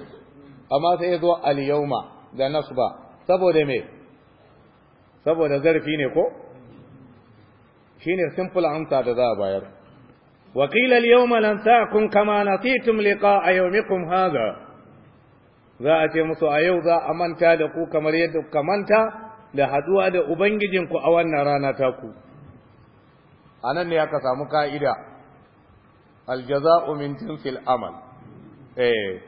A: amma sai ya zo al-yawma da nasba saboda me saboda zarfi ne ko shine simple amsa da za a bayar وقيل اليوم ننساكم كما نسيتم a يومكم هذا za a ce musu a yau za a manta da ku kamar yadda kuka manta da haduwa da ubangijinku a wannan rana ta a nan ne aka samu ka'ida aljaza'u min amal eh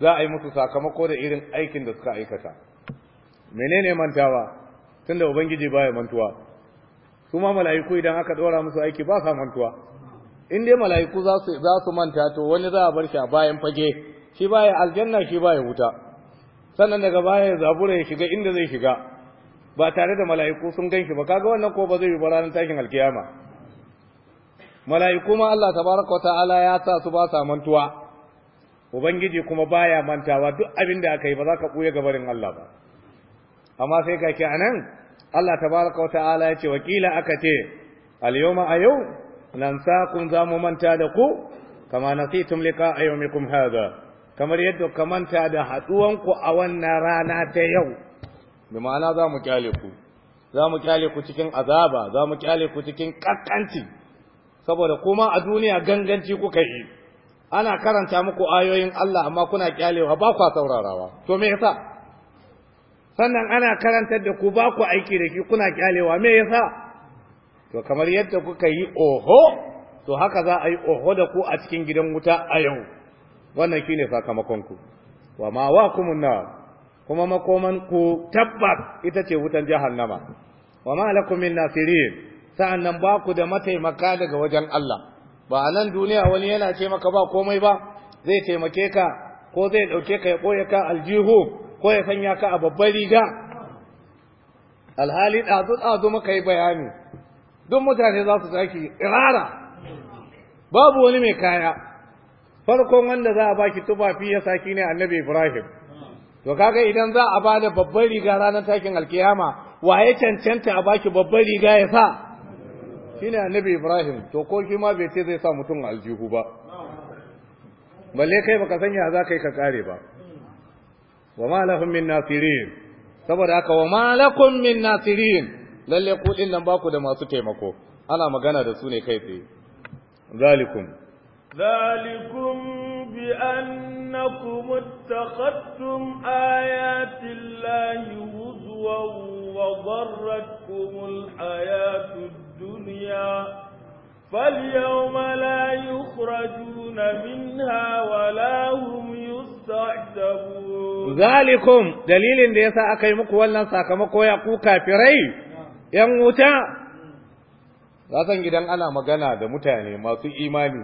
A: za a yi musu sakamako da irin aikin da suka aikata menene mantawa tunda ubangiji baya mantuwa su ma mala'iku idan aka dora musu aiki ba sa mantuwa in dai mala'iku za su za su manta to wani za a bar shi a bayan fage shi baya aljanna shi baya wuta sannan daga baya ya zabura ya shiga inda zai shiga ba tare da mala'iku sun gan shi ba kaga wannan ko ba zai yi ba ranar tashin alkiyama mala'iku ma Allah tabaraka ta'ala ya sa su ba sa mantuwa ubangiji kuma baya mantawa duk abin da aka yi ba za ka ga gabarin Allah ba amma sai ka ki anan Allah tabaraka ta'ala ya ce wakila aka ce al yawma a yau nansakun za mu manta da ku kama nasitum liqa ayyumikum hadha kamar yadda ka manta da haɗuwanku a wannan rana ta yau bi ma'ana za mu kyale ku za mu kyale ku cikin azaba za mu kyale ku cikin kaskanci saboda kuma a duniya ganganci kuka yi ana karanta muku ayoyin Allah amma kuna kyalewa ba kwa saurarawa to me yasa sannan ana karantar da ku ba ku aiki da ki kuna kyalewa me yasa to kamar yadda kuka yi oho to haka za a yi oho da ku a cikin gidan wuta a yau wannan ne sakamakon ku wa ma wa kumun kuma makoman ku tabbas ita ce wutan jahannama wa ma lakum min nasirin nan ba ku da mataimaka daga wajen Allah ba a nan duniya wani yana ce maka ba komai ba zai taimake ka ko zai ɗauke ka ya ɓoye ka aljihu ko ya sanya ka a babbar riga alhali ɗazu ɗazu muka yi bayani Duk mutane za su zaki irara babu wani mai kaya farkon wanda za a baki tufafi ya saki ne annabi ibrahim to kaga idan za a bada babbar riga ranar takin alkiyama wa ya cancanta a baki babbar riga ya sa shine annabi ibrahim to ko shi ma bai ce zai sa mutum aljihu ba balle kai baka sanya za ka yi ka kare ba wa ma lahum min nasirin saboda haka wa ma lakum min nasirin lalle ku din nan baku da masu taimako ana magana da su ne kai tsaye zalikum
C: zalikum bi annakum ittakhadtum ayati llahi huzwan wa dharratkum alhayatud dunya فاليوم لا يخرجون منها ولا هم يستعتبون
B: ذلكم
A: دليل da yasa akai muku wannan sakamako ya ku kafirai ‘yan wuta, za san gidan ana magana da mutane masu imani,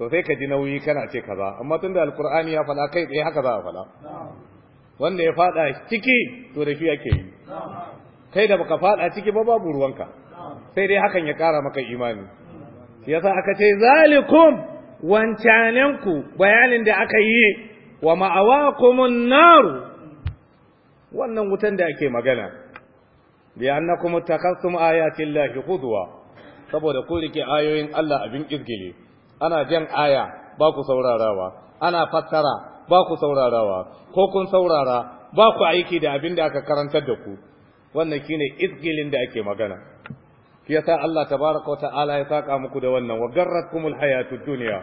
A: to sai ka ji nauyi kana ce kaza, amma tun da Alkur'ani ya fada kai tsaye haka za a fada. Wanda ya fada ciki, to da shi yake yi. Kai da baka fada ciki ba babu ruwanka, sai dai hakan ya kara maka imani. Shi yasa aka ce, Zalikum wancanenku bayanin da aka yi wa ma'awakumun naru, wannan wutan da ake magana. bi annakum takassum ayati llahi qudwa saboda ku rike ayoyin Allah abin izgile ana jan aya ba ku saurarawa ana fassara ba ku saurarawa ko kun saurara ba ku aiki da abin da aka karantar da ku wannan shine izgilin da ake magana yasa Allah tabaraka ta'ala ya saka muku da wannan wa haya hayatud duniya,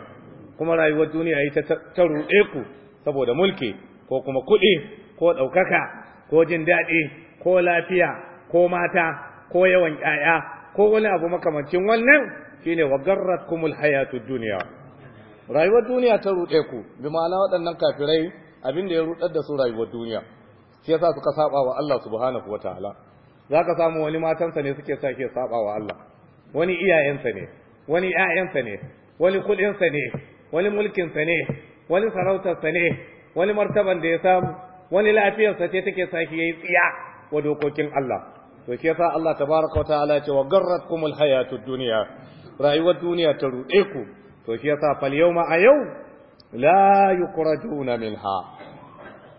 A: kuma rayuwar duniya ita ta ruɗe ku saboda mulki ko kuma kuɗi ko ɗaukaka ko jin daɗi ko lafiya ko mata ko yawan 'ya'ya, ko wani abu makamancin wannan shine wa garratkumul hayatud dunya rayuwar duniya ta ruɗe ku bi ma'ana waɗannan kafirai abin da ya ruɗar da su rayuwar duniya shi yasa suka saba wa Allah subhanahu wataala zaka samu wani matansa ne suke sa ke saba wa Allah wani iyayensa ne wani ƴaƴansa ne wani kuɗinsa ne wani mulkinsa ne wani sarautarsa ne wani martaban da ya samu wani lafiyarsa ce take sa shi yayi tsiya wa dokokin Allah to ke sa Allah tabaraka wa ta'ala ce wa garratkumul hayatud dunya rayuwar duniya ta rude ku to ke sa fal yawma a yau la yukrajuna minha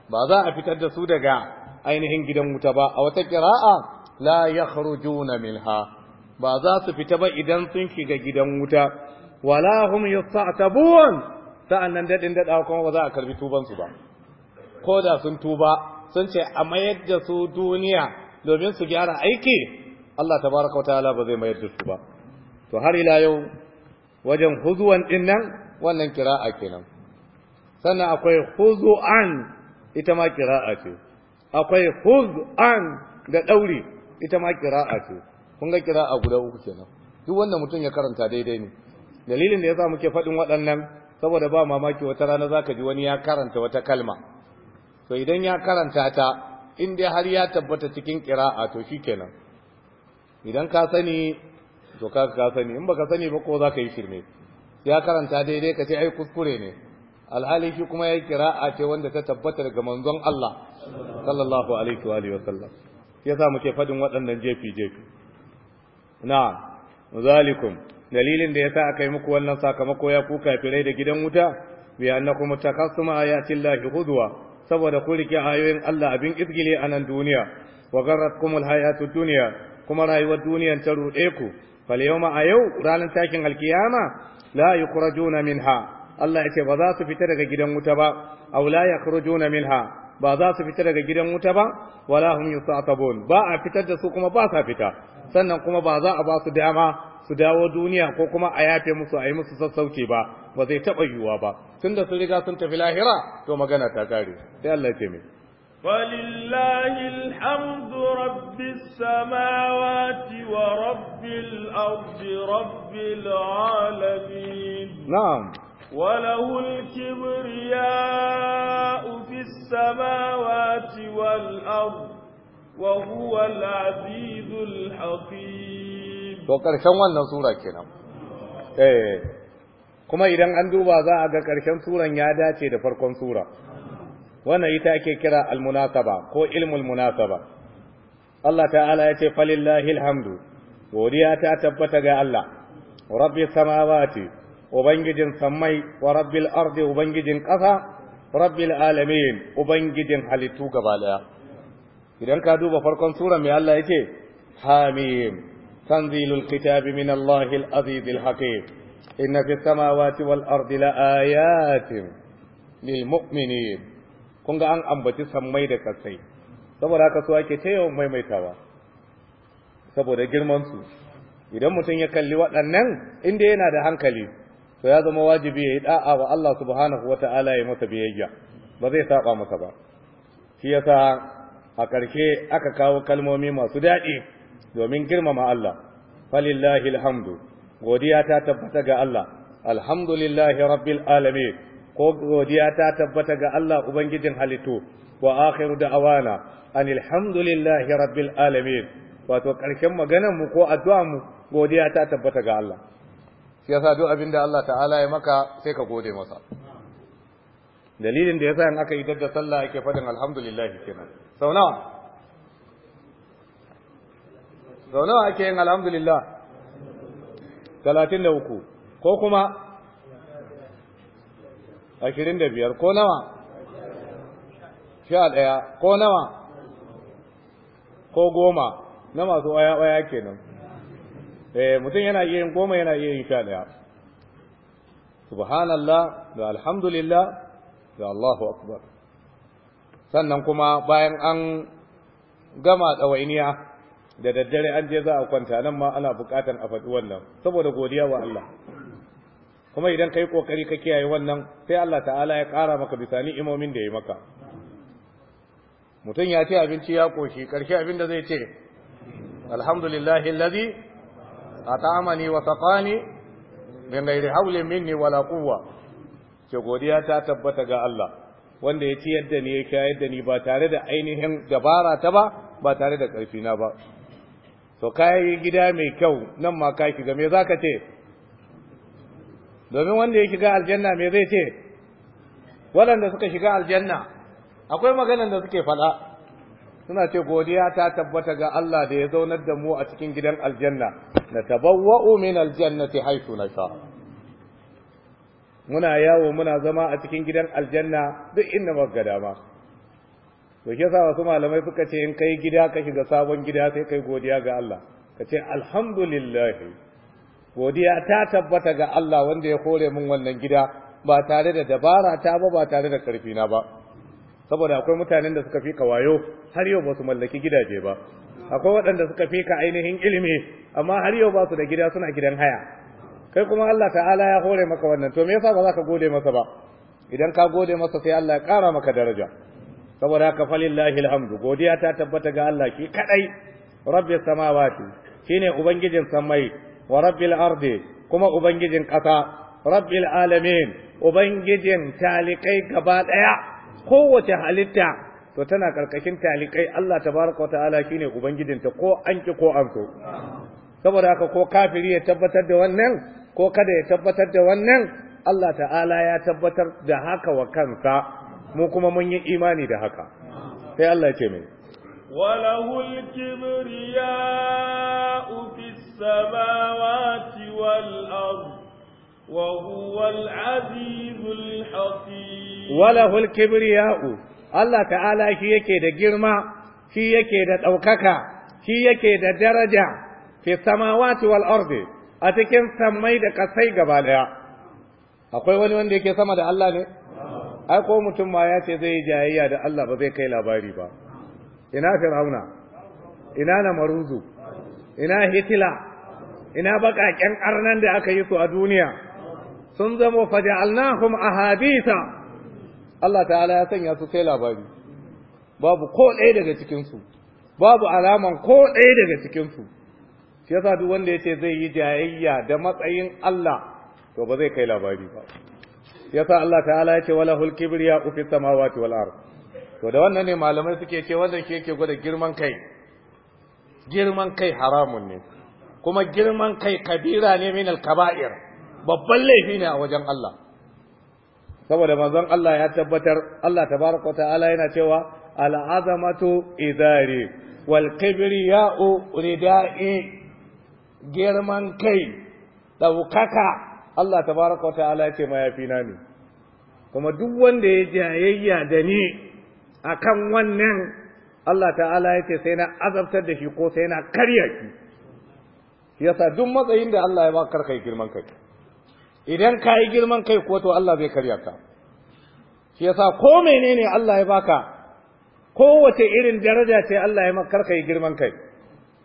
A: ba za a fitar da su daga ainihin gidan wuta ba a wata kira'a la yakhrujuna minha ba za su fita ba idan sun shiga gidan wuta wala hum yusta'tabun sa'annan dadin daɗawa kuma ba za a karbi tuban su ba ko da sun tuba sun ce a mayar da su duniya domin su gyara aiki Allah ta baraka wataala ba zai mayar da su ba to har ila yau wajen huzuwan ɗin nan wannan kira'a kenan sannan akwai huzu'an ita ma kira'a ce akwai huzu'an da ɗauri ita ma kira'a ce kun ga kira'a guda uku kenan duk wanda mutum ya karanta daidai ne dalilin da ya sa muke faɗin waɗannan saboda ba mamaki wata rana zaka ji wani ya karanta wata kalma so idan ya karanta ta inda dai har ya tabbata cikin ƙira'a to shikenan idan ka sani to ka ka sani in baka sani ba ko za ka yi shirme ya karanta daidai ka ce ai kuskure ne alhali shi kuma yayi ƙira'a ce wanda ta tabbata ga manzon Allah sallallahu alaihi wa alihi wa sallam yasa muke fadin waɗannan jefi jefi na zalikum dalilin da yasa aka yi muku wannan sakamako ya kuka fire da gidan wuta bi annakum takassuma ayati llahi huzwa saboda ku rike ayoyin Allah abin izgile a nan duniya wa garratkumul hayatud duniya, kuma rayuwar duniyan ta ruɗe ku fal yawma a yau ranar takin alkiyama la yukhrajuna minha Allah yake ba za su fita daga gidan wuta ba aw la yakhrujuna minha ba za su fita daga gidan wuta ba wala hum yusatabun ba a fitar da su kuma ba sa fita sannan kuma ba za a ba su dama su dawo duniya ko kuma a yafe musu a yi musu sassauci ba ba zai taɓa yiwuwa ba tunda sun riga sun tafi lahira to magana ta kare sai Allah ya ce mai
C: فلله الحمد رب السماوات ورب الأرض رب العالمين نعم وله الكبرياء في السماوات والأرض وهو العزيز الحكيم
A: to ƙarshen wannan sura kenan eh kuma idan an duba za a ga ƙarshen suran ya dace da farkon sura wannan ita ake kira almunasaba ko ilmul munasaba Allah ta'ala ya ce falillahi alhamdu godiya ta tabbata ga Allah rabbi samawati ubangijin sammai wa rabbil ardi ubangijin ƙasa rabbil alamin ubangijin halittu gaba daya idan ka duba farkon sura mai Allah yake hamim تنزيل الكتاب من الله العزيز الحكيم إن في السماوات والأرض لآيات للمؤمنين kun ga an ambaci sammai da kasai saboda haka su ake ta yawan maimaitawa saboda girmansu idan mutum ya kalli waɗannan inda yana da hankali to ya zama wajibi ya yi da'a wa Allah subhanahu wata'ala ya masa biyayya ba zai saba masa ba shi yasa a ƙarshe aka kawo kalmomi masu daɗi domin girmama Allah falillahi alhamdu godiya ta tabbata ga Allah alhamdulillahi rabbil alamin ko godiya ta tabbata ga Allah ubangijin halittu wa akhiru an alhamdulillahi rabbil alamin wato karshen maganar ko addu'a mu godiya ta tabbata ga Allah shi yasa duk abin da Allah ta'ala ya maka sai ka gode masa dalilin da yasa in aka yi dadda sallah yake faɗin alhamdulillah kenan sau nawa sau nawa ake yin alhamdulillah talatin da uku ko kuma ashirin da biyar ko nawa sha ɗaya ko nawa ko goma na masu waya-waya kenan eh, mutum yana iya yin goma yana iya yin sha ɗaya subhanallah da alhamdulillah da allahu akbar sannan kuma bayan an gama ɗawainiya da daddare an je za a kwanta nan ma ana bukatar a faɗi wannan saboda godiya wa Allah kuma idan kai kokari ka kiyaye wannan sai Allah ta'ala ya kara maka bisa imomin da ya maka mutum ya ci abinci ya koshi ƙarshe abin da zai ce alhamdulillahi allazi at'amani wa saqani min ghairi hawli minni wala quwwa ce godiya ta tabbata ga Allah wanda ya ci yadda ni ya kiyaye da ni ba tare da ainihin dabara ta ba ba tare da karfi na ba to kayi gida mai kyau nan ma ka shiga me za ka ce domin wanda ya shiga aljanna me zai ce waɗanda suka shiga aljanna akwai maganan da suke faɗa suna ce godiya ta tabbata ga Allah da ya zaunar da mu a cikin gidan aljanna na tabawwa'u min aljannati haythu nasha muna yawo muna zama a cikin gidan aljanna duk inda magadama. dama to shi yasa wasu malamai suka ce in kai gida ka shiga sabon gida sai kai godiya ga Allah ka ce alhamdulillah godiya ta tabbata ga Allah wanda ya kore min wannan gida ba tare da dabara ta ba ba tare da karfi na ba saboda akwai mutanen da suka fika wayo har yau ba su mallaki gidaje ba akwai waɗanda suka fika ainihin ilimi amma har yau ba su da gida suna gidan haya kai kuma Allah ta'ala ya hore maka wannan to me yasa ba za ka gode masa ba idan ka gode masa sai Allah ya ƙara maka daraja saboda haka falillahi alhamdu godiya ta tabbata ga Allah ki kadai rabbis samawati shine ubangijin samai wa rabbil ardi kuma ubangijin kasa rabbil alamin ubangijin talikai gaba daya kowace halitta to tana karkashin talikai Allah tabaraka wa ta'ala shine ubangijin ta ko an ki ko an so saboda haka ko kafiri ya tabbatar da wannan ko kada ya tabbatar da wannan Allah ta'ala ya tabbatar da haka wa kansa mu kuma mun yi imani da haka sai Allah ce mai
C: samawati wal ard wa huwa al azizul hakim
A: walahul الكبرياء Allah ta'ala shi yake da girma shi yake da ɗaukaka shi yake da daraja fi samawati wal ard a cikin sammai da kasai gaba daya akwai wani wanda yake sama da Allah ne ai ko mutum ma ya ce zai yi jayayya da Allah ba zai kai labari ba ina fir'auna ina na maruzu ina hitila ina baƙaƙen ƙarnan da aka yi su a duniya sun zamo faja'alnahum ahadisa Allah ta'ala ya sanya su kai labari babu ko ɗaya daga cikin su babu alaman ko ɗaya daga cikin su shi yasa duk wanda yace zai yi jayayya da matsayin Allah to ba zai kai labari ba sa Allah ta'ala ya ce wala hul kibriya fi samawati wal ard to da wannan ne malamai suke ce wanda ke yake gwada girman kai girman kai haramun ne kuma girman kai kabira ne min al kaba'ir babban laifi ne a wajen Allah saboda manzon Allah ya tabbatar Allah tabaraka ta'ala yana cewa al azamatu idari wal kibriya'u ridai girman kai daukaka Allah tabaraka wa ta'ala ya ce mayafi na ne kuma duk wanda ya jayayya da ni akan wannan Allah ta'ala ya ce sai na azabtar da shi ko sai na karya ki yasa duk matsayin da Allah ya ba karka yi girman kai idan ka yi girman kai ko to Allah zai karya ka shi yasa ko menene Allah ya baka kowace irin daraja ce Allah ya maka karka yi girman kai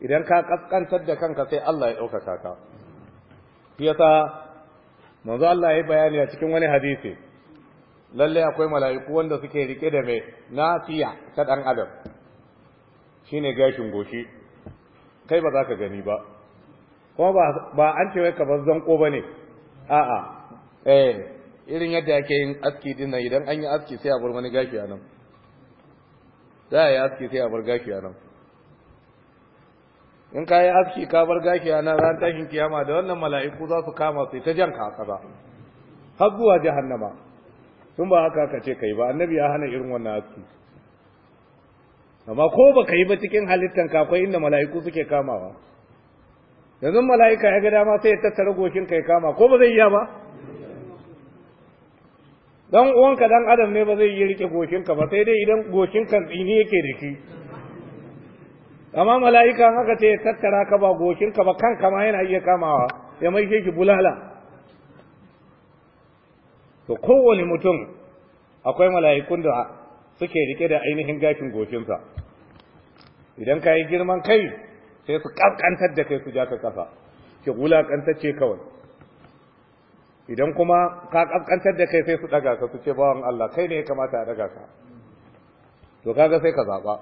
A: idan ka kaskantar da kanka sai Allah ya ɗaukaka ka shi yasa manzo Allah ya bayani a cikin wani hadisi lalle akwai mala'iku wanda suke rike da mai nafiya ta dan adam shine gashin goshi kai ba za ka gani ba kuma ba an ce wai ka bar zanko bane a'a eh irin yadda ake yin aski din nan idan an yi aski sai a bar wani gashi a nan za a yi aski sai a bar gashi a nan in ka yi aski ka bar gashi na ran tashin kiyama da wannan mala'iku za su kama su ta jan ka ba har zuwa jahannama tun ba haka ka ce kai ba annabi ya hana irin wannan aski amma ko baka yi ba cikin halittan ka akwai inda mala'iku suke kamawa yanzu mala'ika ya ga dama sai ya tattara goshin ka kama ko ba zai iya ba dan uwanka dan adam ne ba zai iya rike goshin ka ba sai dai idan goshin kan tsini yake da shi amma mala'ika haka ce ya tattara ka ba ka ba kanka ma yana iya kamawa ya mai shi bulala to kowane mutum akwai mala'ikun da suke rike da ainihin gashin gokinsa idan ka yi girman kai sai su kankantar da kai su ja ka ƙasa ki ce kawai idan kuma ka kankantar da kai sai su daga ka su ce bawan Allah kai ne ya kamata a ka to kaga sai ka zaɓa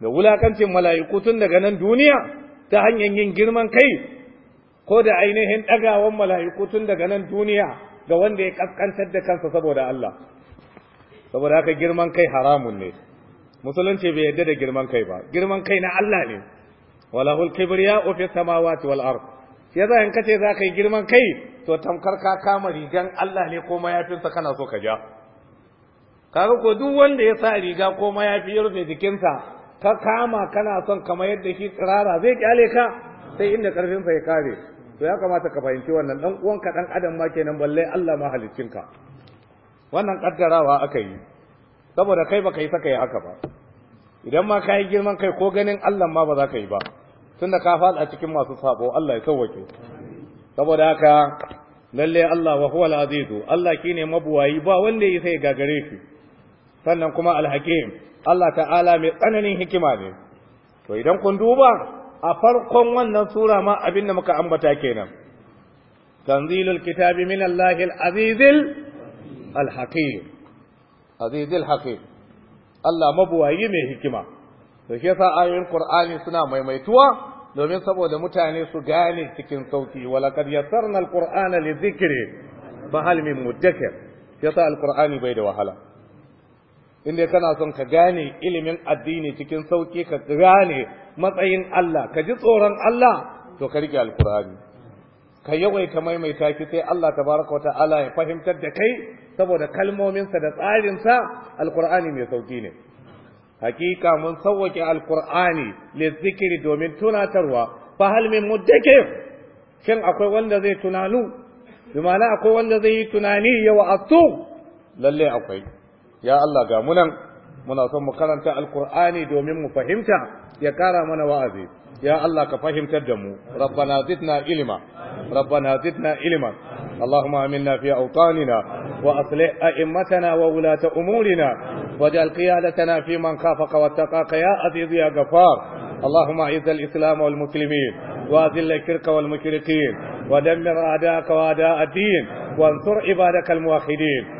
A: da wulakancin mala'iku tun daga nan duniya ta hanyar yin girman kai ko da ainihin ɗagawan mala'iku tun daga nan duniya ga wanda ya ƙasƙantar da kansa saboda Allah saboda haka girman kai haramun ne musulunci bai yadda da girman kai ba girman kai na Allah ne walahul kibriya fi samawati wal ard ya za in kace za ka yi girman kai to tamkar ka kama rigan Allah ne ko mayafinsa kana so ka ja kaga ko duk wanda ya sa riga ko mayafi ya rufe jikinsa ka kama kana son kamar yadda shi tsirara zai kyale ka sai inda karfin sa ya kare to ya kamata ka fahimci wannan dan uwanka dan adam ma kenan balle Allah ma ka wannan kaddarawa aka yi saboda kai baka yi saka yi haka ba idan ma kayi girman kai ko ganin Allah ma ba za ka yi ba tunda ka fada cikin masu sabo Allah ya sauwake saboda haka lalle Allah wa huwal azizu Allah ne mabuwayi ba wanda ya sai gagare shi sannan kuma alhakim Allah ta'ala mai tsananin hikima ne to idan kun duba a farkon wannan sura ma abin da muka ambata kenan tanzilul kitabi min Allahil azizil alhakim azizil hakim Allah mabuwayi mai hikima to shi yasa ayoyin Qur'ani suna maimaituwa domin saboda mutane su gane cikin sauki walaqad yassarna alqur'ana lidhikri fa min mudakkir yasa alqur'ani bai da wahala inda kana son ka gane ilimin addini cikin sauki ka gane matsayin Allah ka ji tsoron Allah to ka rike alkur'ani ka yawaita maimaita ki sai Allah tabaraka wa ta'ala ya fahimtar da kai saboda kalmominsa da tsarinsa alkur'ani mai sauki ne hakika mun sauwake alkur'ani zikiri domin tunatarwa fa hal min muddakir shin akwai wanda zai tunanu bi ma'ana akwai wanda zai yi tunani ya wa'azu lalle akwai ya Allah ga munan muna son mu karanta alqur'ani domin mu fahimta ya kara mana wa'azi ya Allah ka fahimtar da mu rabbana zidna ilma rabbana zidna ilma اللهم آمنا في أوطاننا وأصلح أئمتنا وولاة أمورنا واجعل قيادتنا في من خافك واتقاك يا عزيز يا غفار اللهم أعز الإسلام والمسلمين وأذل الشرك والمشركين ودمر أعداءك وأعداء الدين وانصر عبادك الموحدين